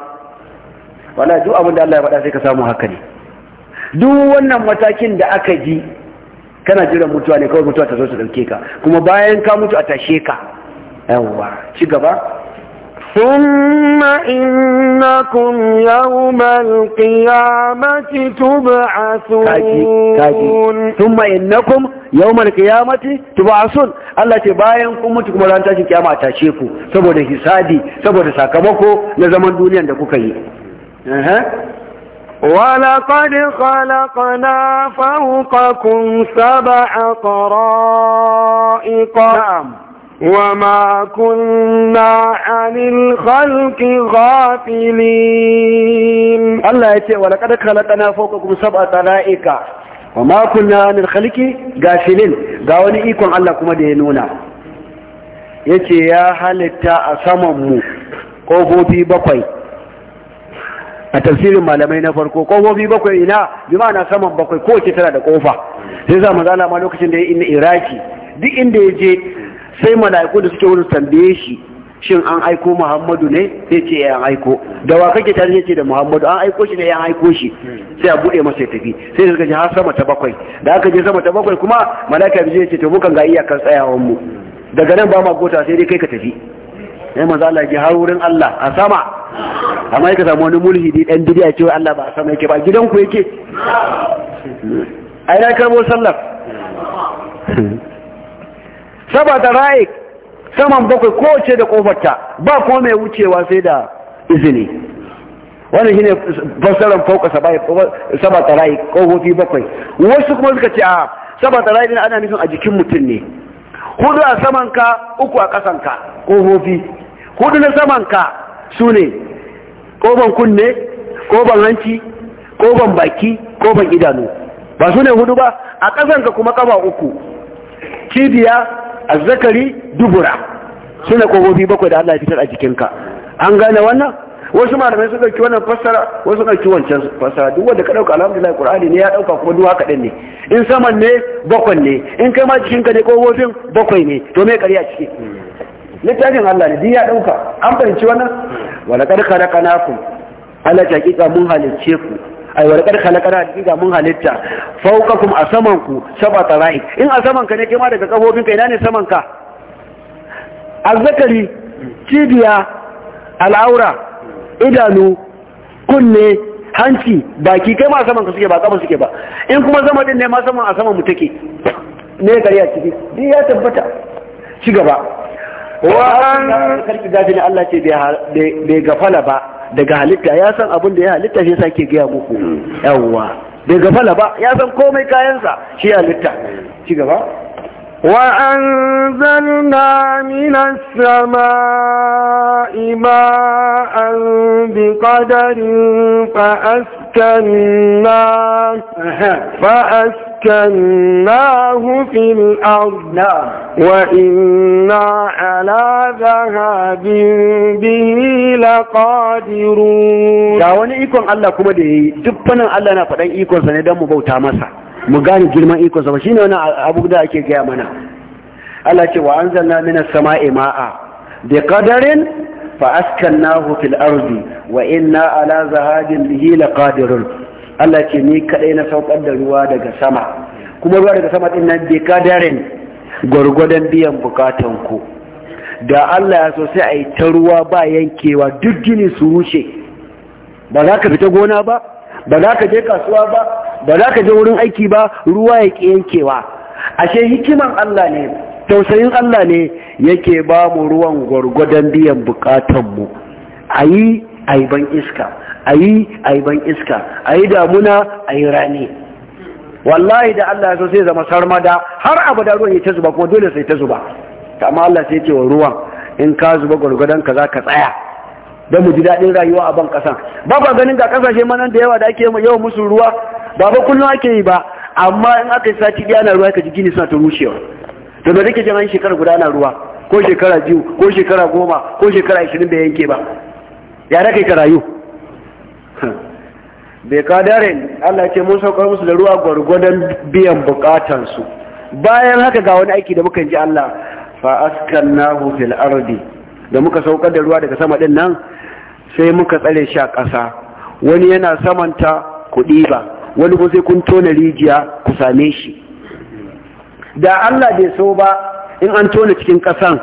wala duk abun da Allah ya faɗa sai ka samu haka ne duk wannan matakin da aka ji kana jiran mutuwa ne kawai mutuwa ta zo su dauke ka kuma bayan ka mutu a tashe ka yawwa ci gaba ثم إنكم يوم القيامة تبعثون كاكي كاكي ثم إنكم يوم القيامة تبعثون Allah ce bayan kun mutu kuma ran tashin kiyama ta saboda hisabi saboda sakamako na zaman duniyar da kuka yi ولقد خلقنا فوقكم سبع طرائق نعم وما كنا عن الخلق غافلين الله يتي ولقد خلقنا فوقكم سبع طلائق وما كنا عن الخلق غافلين ga wani ikon Allah kuma da ya nuna yace ya halitta a saman mu kofofi bakwai a tafsirin malamai na farko kofofi bakwai ina bi ma'ana saman bakwai kowace tana da kofa sai za mu zala ma lokacin da ya inna iraki duk inda ya je sai mala'iku da suke wurin tambaye shi shin an aiko Muhammadu ne sai ce ya eh, aiko da wa kake tare ce da Muhammadu an aiko shi ne ya aiko shi sai a bude masa ya tafi sai daga ji har sama ta bakwai da aka je sama ta bakwai kuma malaka bi zai ce to mukan ga iyakar tsayawan mu daga nan ba ma gota sai dai kai ka tafi sai manzo Allah ji har wurin Allah a sama amma yake samu wani mulhidi dan bidiya cewa Allah ba a sama yake ba gidan ku yake ai na karbo sallar saboda da ra'ik saman bakwai kowace da kofarta ba kuma mai wucewa sai da izini wannan ne fassarar fauka saboda da ra'ik kofofi bakwai wasu kuma suka ce a saboda da ra'ik ana nufin a jikin mutum ne hudu a saman ka uku a kasan ka kofofi hudu na saman ka su ne koban kunne koban hanci koban baki koban idanu ba su ne hudu ba a kasan ka kuma kama uku cibiya azzakari dubura suna kogobi bakwai da Allah ya fitar a jikinka an gane wannan wasu malamai sun dauki wannan fassara wasu sun dauki wancan fassara duk wanda ka dauka alhamdulillah qur'ani ne ya dauka kuma duwa kadan ne in saman ne bakwai ne in kai ma jikinka ne kogobin bakwai ne to me kariya ciki littafin Allah ne ya dauka an fahimci wannan wala kad khalaqnakum ala kika mun halicce ku ai wa na khalaqana hakika mun halitta a samanku sab'a tsara'i in a samanka ne kima daga kafofin ka ina ne samanka azzakari cibiya al'aura idanu kunne hanci baki kai ma saman ka suke ba kama suke ba in kuma zama din ne ma saman a saman mu take ne kariya ciki Ni ya tabbata ci gaba wa an karki gafi ne Allah ce bai gafala ba daga halitta ya san abin da ya halitta shi ke gaya muku hmm. yawwa bai gafala ba ya san komai kayansa shi halitta ci gaba وأنزلنا من السماء ماء بقدر فأسكناه فأسكناه في الأرض وإنا على ذهاب به لقادرون ga wani ikon Allah kuma da yi dukkanin Allah na faɗan ikonsa sa ne don mu bauta masa mu gane girman ikonsa ba shine wani abu da ake gaya mana Allah ce wa anzalna minas sama'i ma'a bi qadarin fa askannahu fil ardi wa inna ala zahadin bihi laqadirun Allah ce ni kadai na saukar da ruwa daga sama kuma ruwa daga sama din nan bi qadarin gurgudan biyan bukatan ku da Allah ya so sai a yi ta ruwa ba yankewa duk gini su rushe ba za ka fita gona ba ba za ka je kasuwa ba ba za ka je wurin aiki ba ruwa ya yankewa ashe hikiman Allah ne tausayin Allah ne yake ba mu ruwan gwargwadon biyan bukatanmu a yi aiban iska a yi aiban iska a yi damuna a yi rani wallahi da Allah ya so sai zama sarmada har abu da ruwan ya ta zuba kuma dole sai ta zuba amma Allah sai ce wa ruwan in ka zuba gwargwadon ka za ka tsaya don mu ji daɗin rayuwa a ban ƙasan ba kwa ganin ga ƙasashe manan da yawa da ake yawan musu ruwa ba ba kullum ake yi ba amma in aka yi sati ɗaya na ruwa ka ji gini suna ta rushewa to da nake jin an shekara guda na ruwa ko shekara biyu ko shekara goma ko shekara ashirin bai yanke ba ya raka ka rayu (laughs) bai dare? Allah ce mun saukar musu da ruwa gwargwadon biyan bukatansu bayan haka ga wani aiki da muka ji Allah fa askannahu fil ardi da muka saukar da ruwa daga sama din nan sai muka tsare shi a ƙasa wani yana samanta ku ɗiba wani ko sai kun tona rijiya ku same shi da Allah bai so ba in an tona cikin ƙasan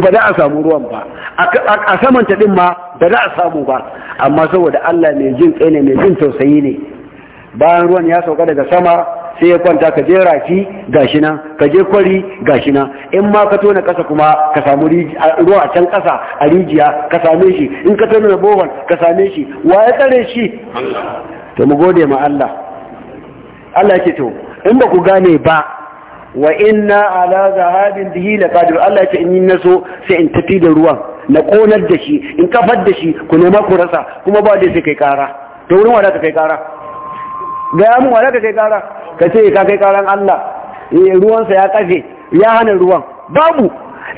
ba za a samu ruwan ba a samanta din ma ba za a samu ba amma saboda Allah mai jin kai mai jin tausayi ne bayan ruwan ya sauka daga sama sai ya kwanta ka je rafi gashi nan ka je kwari gashi nan in ma ka tona kasa kuma ka samu ruwa a can kasa a rijiya ka same shi in ka tona bohol ka same shi wa ya tsare shi to mu gode ma Allah Allah yake to in ba ku gane ba wa inna ala zahabin bihi laqadir Allah yake in yi naso sai in tafi da ruwan na konar da shi in kafar da shi ku nema ku rasa kuma ba da sai kai kara to wurin wa da kai kara ga mu wa da kai kara ka ce ka kai karan Allah eh, ruwansa ya kaje ya hana ruwan babu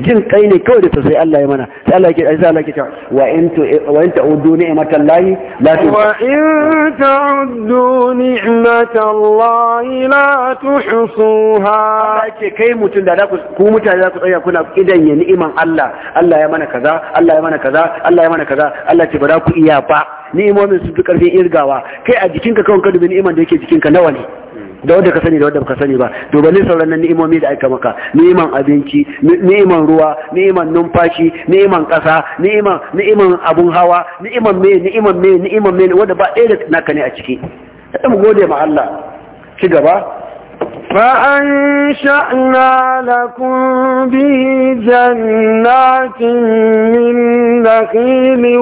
jin kai ne kawai da tausayi Allah ya mana sai Allah yake sai Allah yake ta wa in tu wa in ta'uddu ni'matallahi la tu wa in ta'uddu ni'matallahi la tuhsuha yake kai mutun da ku ku mutane za ku tsaya kuna idan ya ni'iman Allah Allah ya mana kaza Allah ya mana kaza Allah ya mana kaza Allah ce ba za ku iya ba ni'imomin su duk karfin irgawa kai a jikinka kawai ka dubi ni'iman da yake jikinka nawa ne da wanda ka sani da wanda ka sani ba to balle sauran nan ni'imomi da aka maka ni'iman abinci ni'iman ruwa ni'iman numfashi ni'iman kasa ni'iman ni'iman abun hawa ni'iman me ni'iman me ni'iman me wanda ba ɗaya da naka ne a ciki kada mu gode ma Allah ci gaba فأنشأنا لكم به جنات من نخيل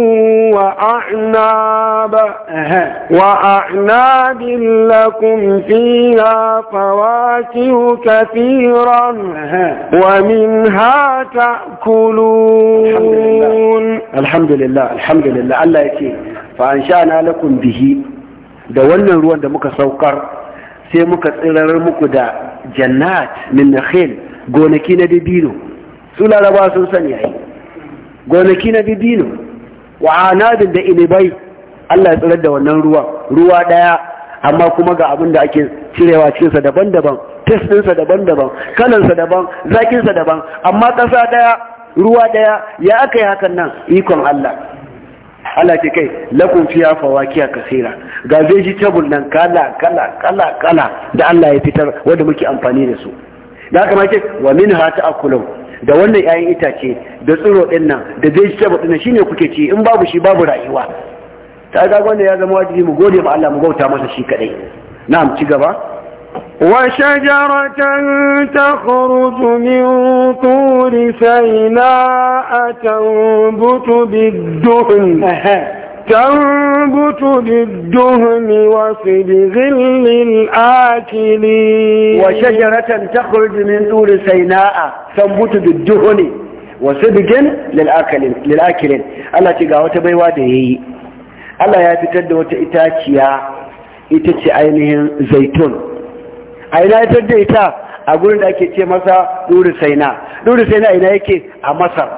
وأعناب وأعناب لكم فيها فواكه كثيرا ومنها تأكلون الحمد لله الحمد لله الله يكفي فأنشأنا لكم به دولنا الروان ruwan da sai muka tsirarar muku da jannat min nakhil gonaki na bibino. su laraba sun sani yayi gonaki na bibino. wa anadin da inibai Allah ya tsirar da wannan ruwa ruwa daya amma kuma ga abin da ake cirewa cikinsa daban-daban test ɗinsa daban-daban kalansa daban zakinsa daban amma ƙasa daya ruwa daya ya aka yi hakan nan ikon Allah Allah ce kai lakun fiya fawakiya kasira ga vegetable nan kala kala kala kala da Allah ya fitar wanda muke amfani da su da haka ma ce wa ta ta'kulun da wannan 'ya'yan itace da tsiro din nan da vegetable din nan shine kuke ci in babu shi babu rayuwa ta ga wanda ya zama wajibi mu gode ma Allah mu bauta masa shi kadai na'am ci gaba وشجرة تخرج من طور سيناء تنبت بالدهن تنبت بالدهن وصبغ للآكلين وشجرة تخرج من طور سيناء تنبت بالدهن وصبغ للآكلين للآكلين الله تقاوة بيواده الله يفتد وتأتاكيا ita ce ainihin zaitun a ina ya tarda ita a gurin da ake ce masa duri saina duri saina ina yake a masar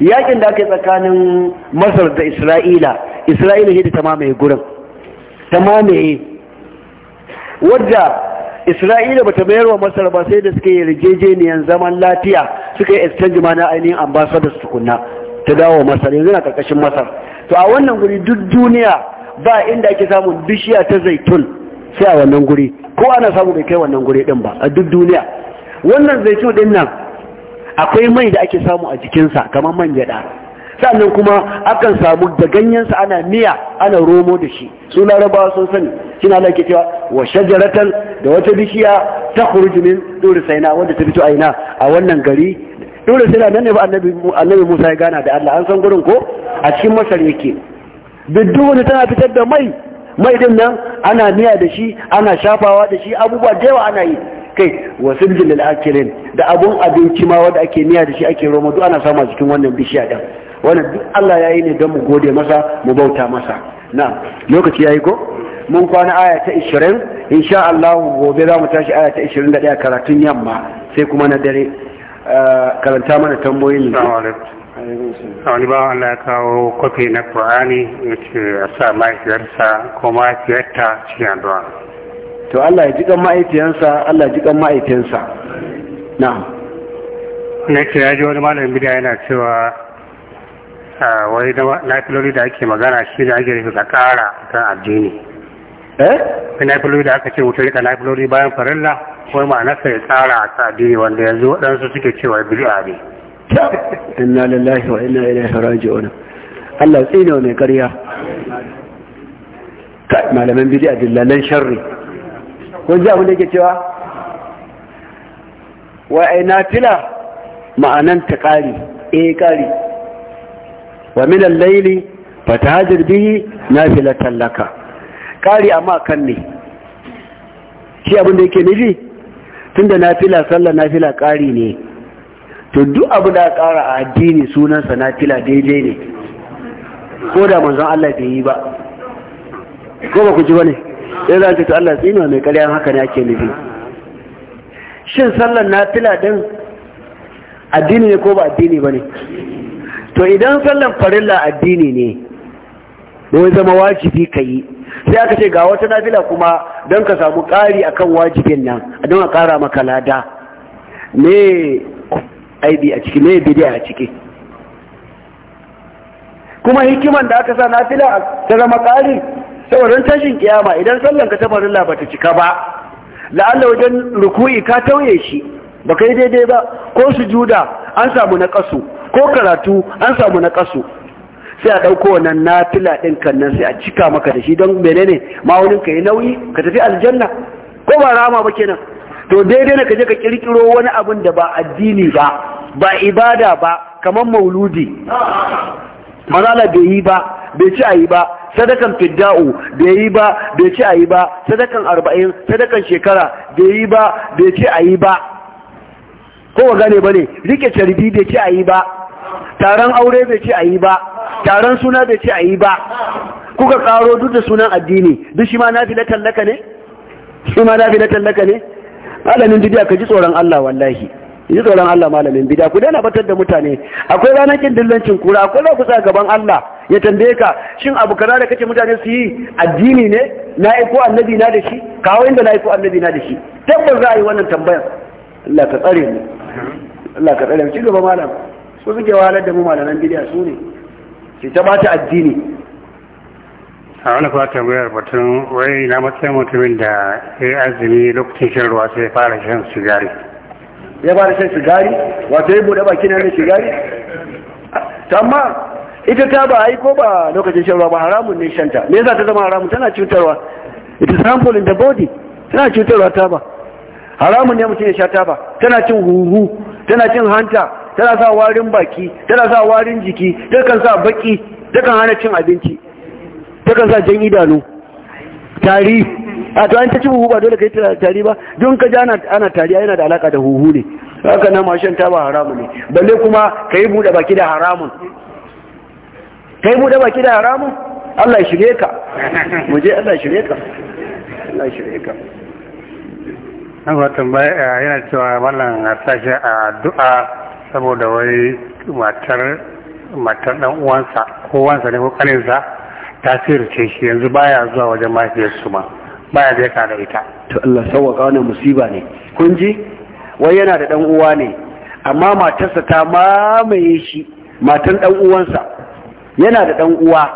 yakin da ake tsakanin masar da isra'ila isra'ila da ta mamaye gurin ta mamaye wadda isra'ila bata mayar wa masar ba sai da suka yi yarjejeniyar zaman lafiya suka yi exchange mana na ainihin ambassador tukunna ta dawo masar yanzu na karkashin masar to a wannan guri duk duniya ba inda ake samun bishiya ta zaitun sai a wannan guri ko ana samu bai kai wannan guri din ba a duk duniya wannan zaitun din nan akwai mai da ake samu a jikinsa kamar man gyaɗa sannan kuma akan samu da ganyensa ana miya ana romo da shi su laraba sun sani shi na ke cewa wa shajaratan da wata bishiya ta khuruju min sai saina wanda ta fito aina a wannan gari sai saina nan ne ba annabi annabi Musa ya gana da Allah an san gurin ko a cikin Masar yake duk wani tana fitar da mai mai din nan ana miya da shi ana shafawa da shi abubuwa da yawa ana yi kai wasu jilil akirin da abun abinci ma wanda ake miya da shi ake roma duk ana samu a cikin wannan bishiya din wannan duk Allah ya yi ne don mu gode masa mu bauta masa na lokaci ya ko mun kwana aya ta 20 insha Allah gobe za mu tashi aya ta 21 karatun yamma sai kuma na dare karanta mana tambayoyin wani ba Allah ya kawo kwafi na Qur'ani yace a sa mahaifiyarsa ko mahaifiyarta cikin addu'a to Allah ya kan ma'aikiyansa Allah ya kan ma'aikiyansa na'am Ne ce ya ji wani malamin bidiya yana cewa wai na filoli da ake magana shi da ake rufe da ƙara kan addini eh filafiloli da aka ce wuce rika filafiloli bayan farilla ko ma'anarsa ya tsara a sabi wanda yanzu waɗansu suke cewa bid'a ne inna lillahi wa inna ilaihi raji'un Allah tsine wa mai ƙarya malaman bid'a dillalan sharri ko ji abin da yake cewa wa aina nafila ma'anan ta ƙari eh ƙari wa min al-layli fatahajir bihi nafilatan laka ƙari a kan ne shi abin da yake nufi Tun fila nafila sallah nafila ƙari ne to duk abu da ƙara a addini sunansa nafila daidai ne ko da manzon Allah bai yi ba ko ba ku ji wani sai za to Allah tsino mai karya haka ne ake nufi shin sallar nafila din addini ne ko ba addini ba ne? to idan sallar farilla addini ne bai zama wajibi ka yi sai aka ce ga wata nafila kuma don ka samu ƙari akan wajibin nan don a ƙara maka lada me aibi a ciki me bidiya a ciki kuma hikiman da aka sa nafila ta zama ƙari saboda tashin kiyama idan sallanka ta ba ta cika ba la'alla wajen ruku'i ka tauye shi ba kai daidai ba ko sujuda an samu na ko karatu an samu na ƙasu sai a ɗauko wannan nafila ɗin kannan sai a cika maka da shi don ne ma'aunin ka yi nauyi ka tafi aljanna ko ba rama ba kenan to daidai na kaje ka kirkiro wani abin da ba addini ba ba ibada ba kamar mauludi manala bai yi ba bai ci a yi ba sadakan fidda'u bai yi ba bai ci a yi ba sadakan arba'in sadakan shekara bai yi ba bai ci a yi ba kowa gane ba ne rike carbi bai ci a yi ba taron aure bai ci a yi ba taron suna bai ce a yi ba kuka karo duk da sunan addini duk shi ma na fi tallaka ne shi ma na fi tallaka ne malamin bidiya ka ji tsoron Allah wallahi ji tsoron Allah malamin bidiya ku daina batar da mutane akwai ranar kin dillancin kura akwai sa gaban Allah ya tambaye ka shin abu kara da kace mutane su yi addini ne na ko annabi na da shi kawo inda na ko annabi na da shi tabbas za a yi wannan tambayar Allah ka tsare mu Allah ka tsare mu ci gaba malam su suke walar da mu malaman bidiya su ne ba ta addini a wani kuwa tambayar batun wai na matsayin mutumin da ya yi azumi lokacin shan ruwa sai ya fara shan sigari ya fara shan sigari wato ya buɗe baki na sigari amma ita ta ba yi ko ba lokacin shan ruwa ba haramun ne shanta me yasa ta zama haramun tana cutarwa Ita is da in the body tana cutarwa ta ba haramun ne mutum ya sha ta ba tana cin huhu tana cin hanta tana sa warin baki tana sa warin jiki takan sa baki takan hana cin abinci takan sa jan idanu tari a to an ta ci huhu ba dole kai tari ba don ka ji ana tari yana da alaka da huhu ne haka na mashin ta ba haramu ne balle kuma kai buɗe baki da haramun kai buɗe baki da haramun Allah shirye ka mu je Allah shirye ka Allah shirye ka an watan bai eh, yana cewa wannan sashi a eh, du'a saboda wai matar matar dan uwansa ko wansa ne ko kaninsa ta sirce shi yanzu baya zuwa wajen mahaifiyarsu ma baya zai yaka da ita to Allah sauwaka wannan musiba ne kun ji wai yana da dan uwa ne amma matarsa ta mamaye shi matan dan uwansa yana da dan uwa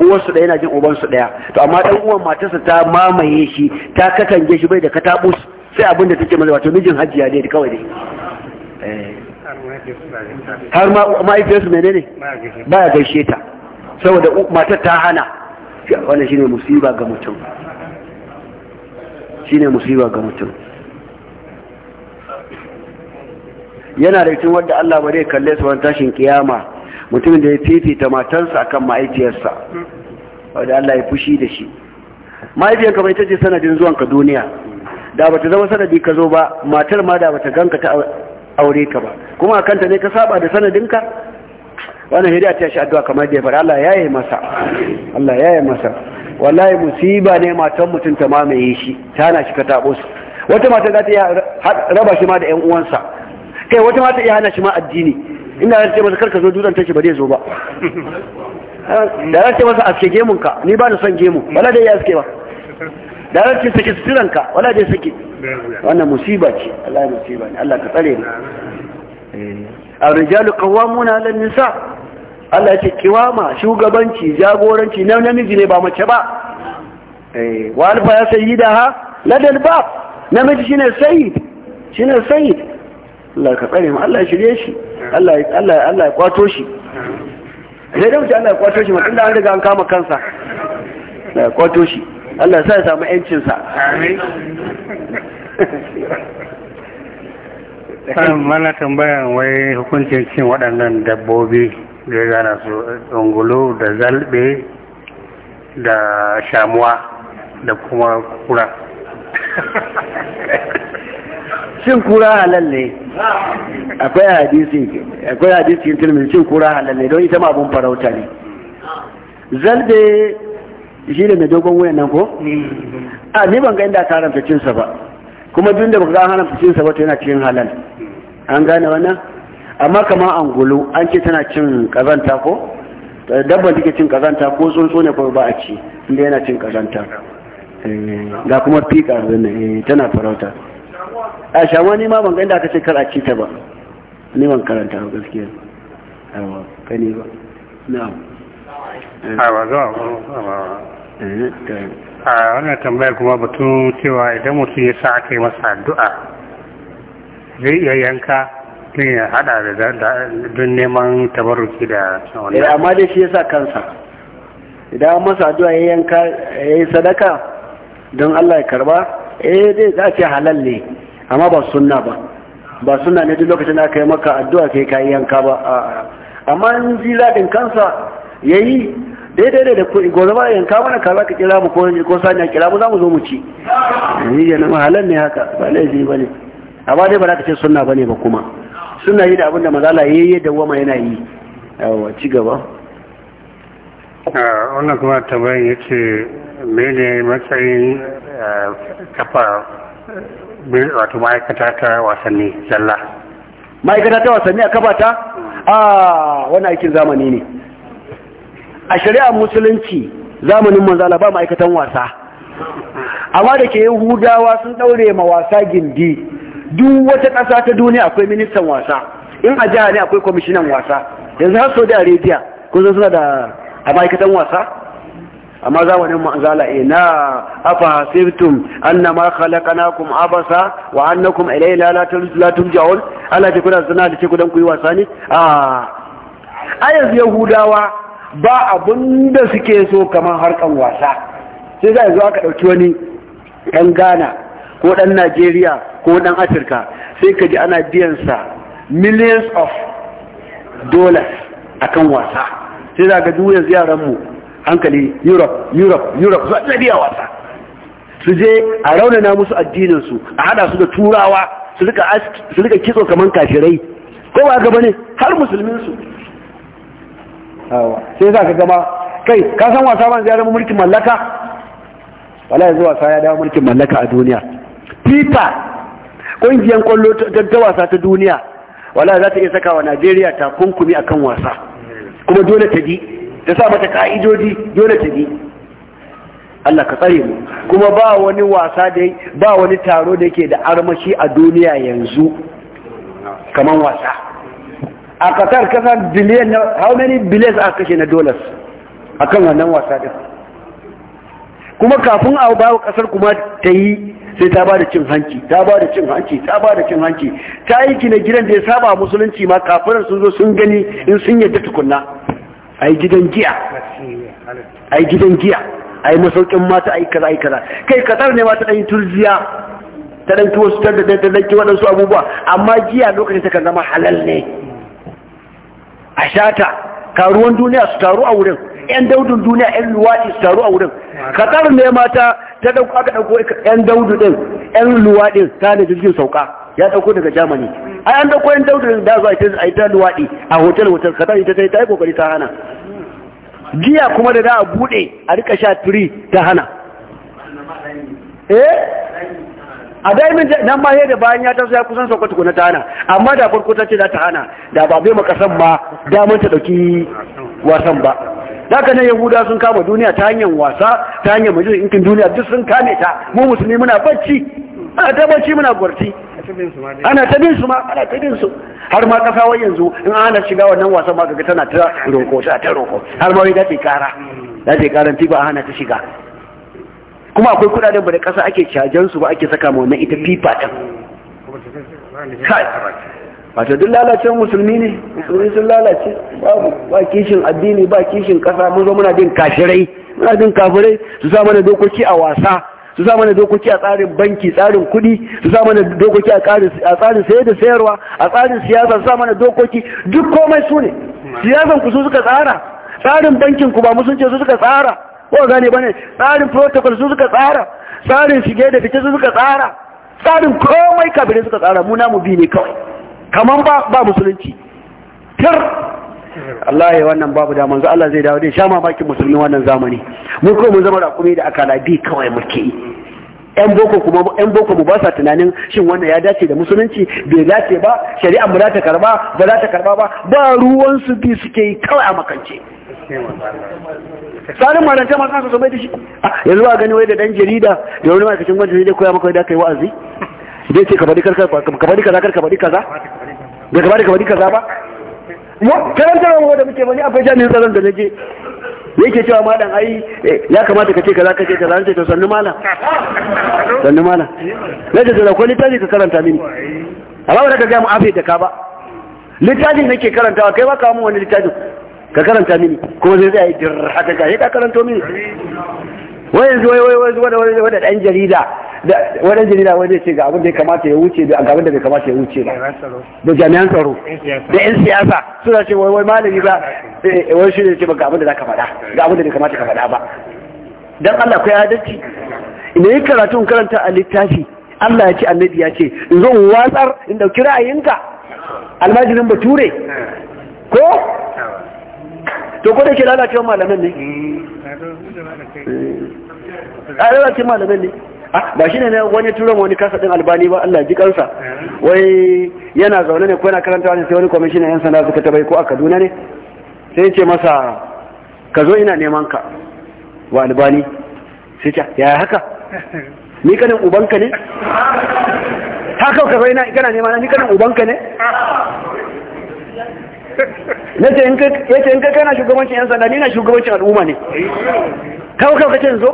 uwarsu ɗaya yana jin ubansu ɗaya to amma dan uwan matarsa ta mamaye shi ta katange shi bai da katabus sai abin da take maza wato mijin hajiya ne kawai dai eh. har ne menene ya gaishe ta saboda matar ta hana wannan shine musiba ga mutum shine musiba ga mutum yana da cikin wadda Allah ba zai kalle su wani tashin kiyama mutumin da ya fifita matarsa akan ma'aikiyarsa. wadda Allah ya fushi da shi ma'aifiyarka bai ce sanadin zuwanka duniya da bata zama sanadi ka zo ba matar ma da bata ganka ta aure ka ba kuma a kanta ne ka saba da sanadinka wannan hidaya ta shi addu'a kamar da ya fara Allah ya yi masa Allah ya yi masa wallahi musiba ne matan mutum ta mamaye shi ta na shi ka tabo su wata mata za ta raba shi ma da ƴan uwansa kai wata mata ya hana shi ma addini ina da ce masa karka zo dutsen take ba zai zo ba (laughs) da za ta ce masa aske gemun ka ni ba na son gemu wala dai ya aske ba da ran ce sake suturanka wala dai sake wannan musiba ce Allah musiba ne Allah ka tsare mu eh, a rijalu qawwamuna 'ala nisa Allah ce kiwama shugabanci jagoranci na namiji ne ba mace ba eh wal fa ya sayyidaha ladal bab namiji shine sayyid shine sayyid Allah ka tsare mu Allah ya shirye shi Allah Allah Allah ya kwato shi sai da mutum Allah ya kwato shi mutum da an riga an kama kansa ya kwato shi Allah sa ya samu yancinsa mana tambayan wai hukuncin cin waɗannan dabbobi da gana su ungulu da zalbe da shamuwa da kuma kura cin kura halal ne akwai hadisi akwai hadisi cin kura halal ne don ita ma abun farauta ne zalbe shi da mai dogon wuyan nan ko a ni ban ga inda ta haramta cinsa ba kuma duk da ba ga haramta cinsa ba ta yana cikin halal an gane wannan amma kama an gulu an ce tana cin kazanta ko dabban take cin kazanta ko tsuntsu ne ko ba a ci inda yana cin kazanta eh, ga kuma fika eh, tana farauta a shawa ni ma ban ga inda aka ce kar a ci ta ba ni ban karanta gaskiya kai ne ba na'am Eh. a ba zuwa a eh, wannan tambayar kuma batu cewa idan mutum ya sa aka yi masa addu'a zai iya yanka ne ya hada da don neman tabaruki da wani eh, amma dai shi ya sa kansa idan masa addu'a ya yanka ya yi sadaka don Allah ya karba eh dai za ce halal ne amma ba sunna ba ba sunna ne duk lokacin da aka yi maka addu'a sai ka yanka ba amma in ji zaɗin kansa ya yi daidai da kuɗi gobe ba yanka mana kaza ka kira mu ko ko sanya kira mu za mu zo mu ci ni ne mahalan ne haka ba laifi ne. amma dai ba za ka ce sunna bane ba kuma sunna yi da abin da mazala yi da wama yana yi yawa ci gaba wannan kuma tambayin yace mene matsayin kafa wato ma'aikata ta wasanni zalla ma'aikata ta wasanni a kafa ta a wani aikin zamani ne a shari'ar musulunci zamanin manzala ba ma'aikatan wasa amma da ke hudawa sun daure ma wasa gindi duk wata ƙasa ta duniya akwai ministan wasa in a jiha ne akwai kwamishinan wasa yanzu har saudi arabia kun san suna da a ma'aikatan wasa amma zamanin manzala ina afa hasibtum annama khalaqnakum abasa wa annakum ilayna la turja'un Allah ta kuna suna da ce ku dan ku yi wasa ne a yanzu yahudawa ba abin da suke so kamar harkan wasa sai za a zuwa aka ɗauki wani ɗan ghana ko ɗan najeriya ko ɗan afirka sai ka ji ana biyansa millions of dollars a kan wasa sai za ga duk yanzu yaranmu hankali europe europe europe zuwa na biya wasa su je a raunana musu addininsu a hada su da turawa su rika kitso kamar kafirai ko ba gaba ne har musulminsu sai za ka gaba kai ka san wasa ban zai zama mulkin mallaka wala yanzu wasa ya dawo mulkin mallaka a duniya fifa ƙungiyar kwallo ta wasa ta duniya wala za ta iya saka wa najeriya takunkumi akan wasa kuma dole ta bi ta sa mata ka'idodi dole ta bi Allah ka tsare mu kuma ba wani wasa da ba wani taro da yake da armashi a duniya yanzu kamar wasa a qatar kasan biliyan how many billions aka kashe na dollars akan wannan wasa din kuma kafin a bawo kasar kuma ta yi sai ta ba da cin hanci ta ba da cin hanci ta ba da cin hanci ta yi gina gidan da ya saba musulunci ma kafiran sun zo sun gani in sun yadda tukunna a yi gidan giya a yi gidan giya a yi masaukin mata a yi kaza a yi kaza kai kasar ne ma ta ɗanyi turziya ta ɗan ɗanki wasu ta ɗanki waɗansu abubuwa amma giya lokacin ta kan zama halal ne a shata karuwan duniya su taru a wurin yan daudun duniya yan luwaɗi su taru a wurin katar ne mata ta ɗauka aka ɗauko yan daudu ɗin yan luwaɗin ta da jirgin sauka ya ɗauko daga germany a yan dauko yan daudu ɗin da zuwa a yi ta luwaɗi a hotel hotel katar ita ta yi ta yi kokari ta hana giya kuma da za a buɗe a rika sha turi ta hana eh a daimin nan ma da bayan ya taso ya kusan sauka tukuna ta hana amma da farko ta ce za ta hana da ba bai makasan ma damar ta ɗauki wasan ba daga nan yahuda sun kama duniya ta hanyar wasa ta hanyar majalisar inkin duniya duk sun kame ta mu musulmi muna bacci ana ta bacci muna gwarti ana ta bin su ma ana ta bin su har ma kasa wai yanzu in ana shiga wannan wasan ma kaga tana ta roko ta roko har ma wai da kara da karan tiba ana ta shiga kuma akwai kudaden ba da kasa ake cajen su ba ake saka ma wannan ita fifa din wato duk lalacen musulmi ne musulmi sun lalace babu ba kishin addini ba kishin kasa mun zo muna din kashirai muna din kafirai su sa mana dokoki a wasa su sa mana dokoki a tsarin banki tsarin kudi su sa mana dokoki a tsarin sayar da sayarwa a tsarin siyasa su sa mana dokoki duk komai su ne siyasan ku su suka tsara tsarin bankin ku ba ce su suka tsara ko gane ba ne tsarin protocol su suka tsara tsarin shige da fice su suka tsara tsarin komai kabirin suka tsara muna mu bi ne kawai kamar ba ba musulunci tir Allah ya wannan babu da manzo Allah zai dawo dai sha mamakin musulmi wannan zamani mu ko mun zama rakumi da akala bi kawai muke yi yan boko kuma ɗan boko mu ba sa tunanin shin wannan ya dace da musulunci bai dace ba shari'a mu za ta karba ba za ta karba ba ba ruwan su bi suke yi kawai a makance tsarin malanta masu kansa sabai da shi yanzu a gani wai da dan jarida da wani ma'aikacin gwamnati zai koya maka wai da kai wa'azi zai ce ka faɗi kaza kar ka faɗi kaza da gaba da ka faɗi kaza ba karantar wa da muke wani akwai jami'in tsaron da nake yake cewa malam ai eh, ya kamata ka ce kaza ka ce kaza an ce to sannu malam sannu malam na da zara ko littafi ka karanta mini amma ba ka ga mu afi da ka ba littafin nake karantawa kai ba ka mu wani littafin ka karanta mini ko zai zai yi dir haka ka ka karanto mini wai wai wai wai wai wai dan jarida wani jarida wani ce ga abin da ya kamata ya wuce da abin da bai kamata ya wuce ba da jami'an tsaro da yan siyasa suna ce wai wai malami ba eh, eh, wai shi ne ce ba ga abin da za ka faɗa ga abin da bai kamata ka faɗa ba dan Allah ku ya dace idan yi karatu karanta a littafi Allah ya ce annabi ya ce in zo in watsar in dauki ra'ayinka almajirin bature ko to ko da ke lalacewa malamin ne eh. a lalacewa malamin ne ah, ba shi ne wani turan wani kasa din albani ba Allah ji kansa wai yana zaune ne ko yana karanta ne sai wani kwamishinan yan sanda suka tabai ko a Kaduna ne sai ce masa ka zo ina neman ka wa albani sai ce ya haka ni kanin ubanka ne haka ka zo ina kana neman ni kanin ubanka ne nace ce in ka kana shugabancin yan sanda ni na shugabancin al'umma ne kawo kawo kace zo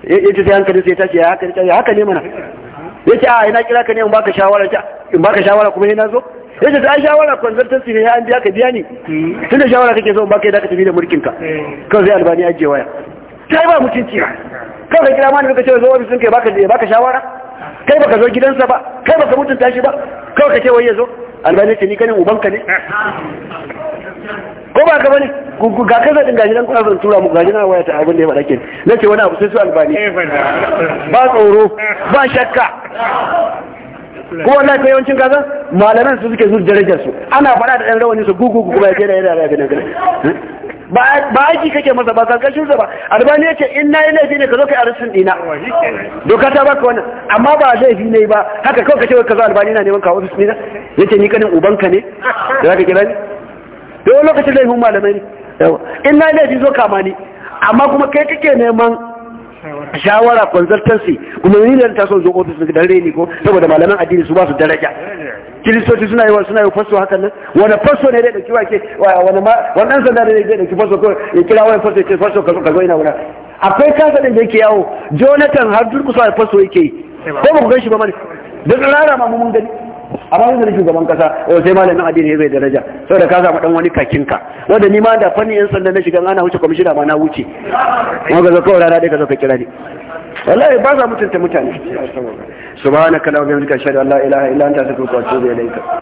ce sai hankali sai ta ce ya haka ne mana yace a ah, ina kira ka ne in baka shawara shawara kuma ina zo yace sai shawara consultancy ne an biya ka biya ni da shawara kake so in baka yadda ka tafi da mulkin ka kawai sai albani ajiye waya sai ba mutunci kawai ka kira ma ne kace zo wani sun kai baka baka shawara kai baka zo gidansa ba kai baka mutunta shi ba kawai ka ce wai ya zo albani ce ni kanin ubanka ne ko ba ka bane ga kaza din gashi nan kuna zan tura mu gashi na waya ta abin da ya faɗa ke nace wani abu sai su albani eh, ba tsoro ba shakka kuma wallahi ka yawancin kaza malaman su suke zuwa darajar su ana faɗa da ɗan rawani su gugu kuma ya ce da yana da ganin ba aiki kake masa ba karkashin sa ba albani yace in nayi laifi ne ka zo kai arsin dina doka ta baka wannan amma ba laifi ne ba haka kawai kace kaza albani na neman kawo su dina yace ni kanin ubanka ne da zaka kira ni da lokacin laifin malamai ne in nayi laifi zo kama ni amma kuma kai kake neman shawara consultancy kuma ni ne ta son zo office da reni ko saboda malaman addini su ba su daraja kiristoci suna yi wa suna yi faso hakan nan wani faso ne dai dauki wa ke wani ma wannan sanda ne dai dauki faso ko ya kira wani faso ya ce faso ka zo na wuna akwai kasa da yake yawo jonathan har durkusa da faso yake yi ko ba ku gan shi ba mani da tsirara ma mun gani a bayan da shugaban kasa o sai malamin addini ya zai daraja saboda ka samu dan wani kakinka wanda ni ma da fanni yan sanda na shiga ana wuce kwamishina ma na wuce ma ga zo kawai rana dai ka zo ka kira ni wallahi ba za mutunta mutane subhanaka la ilaha illa anta astaghfiruka wa atubu ilayk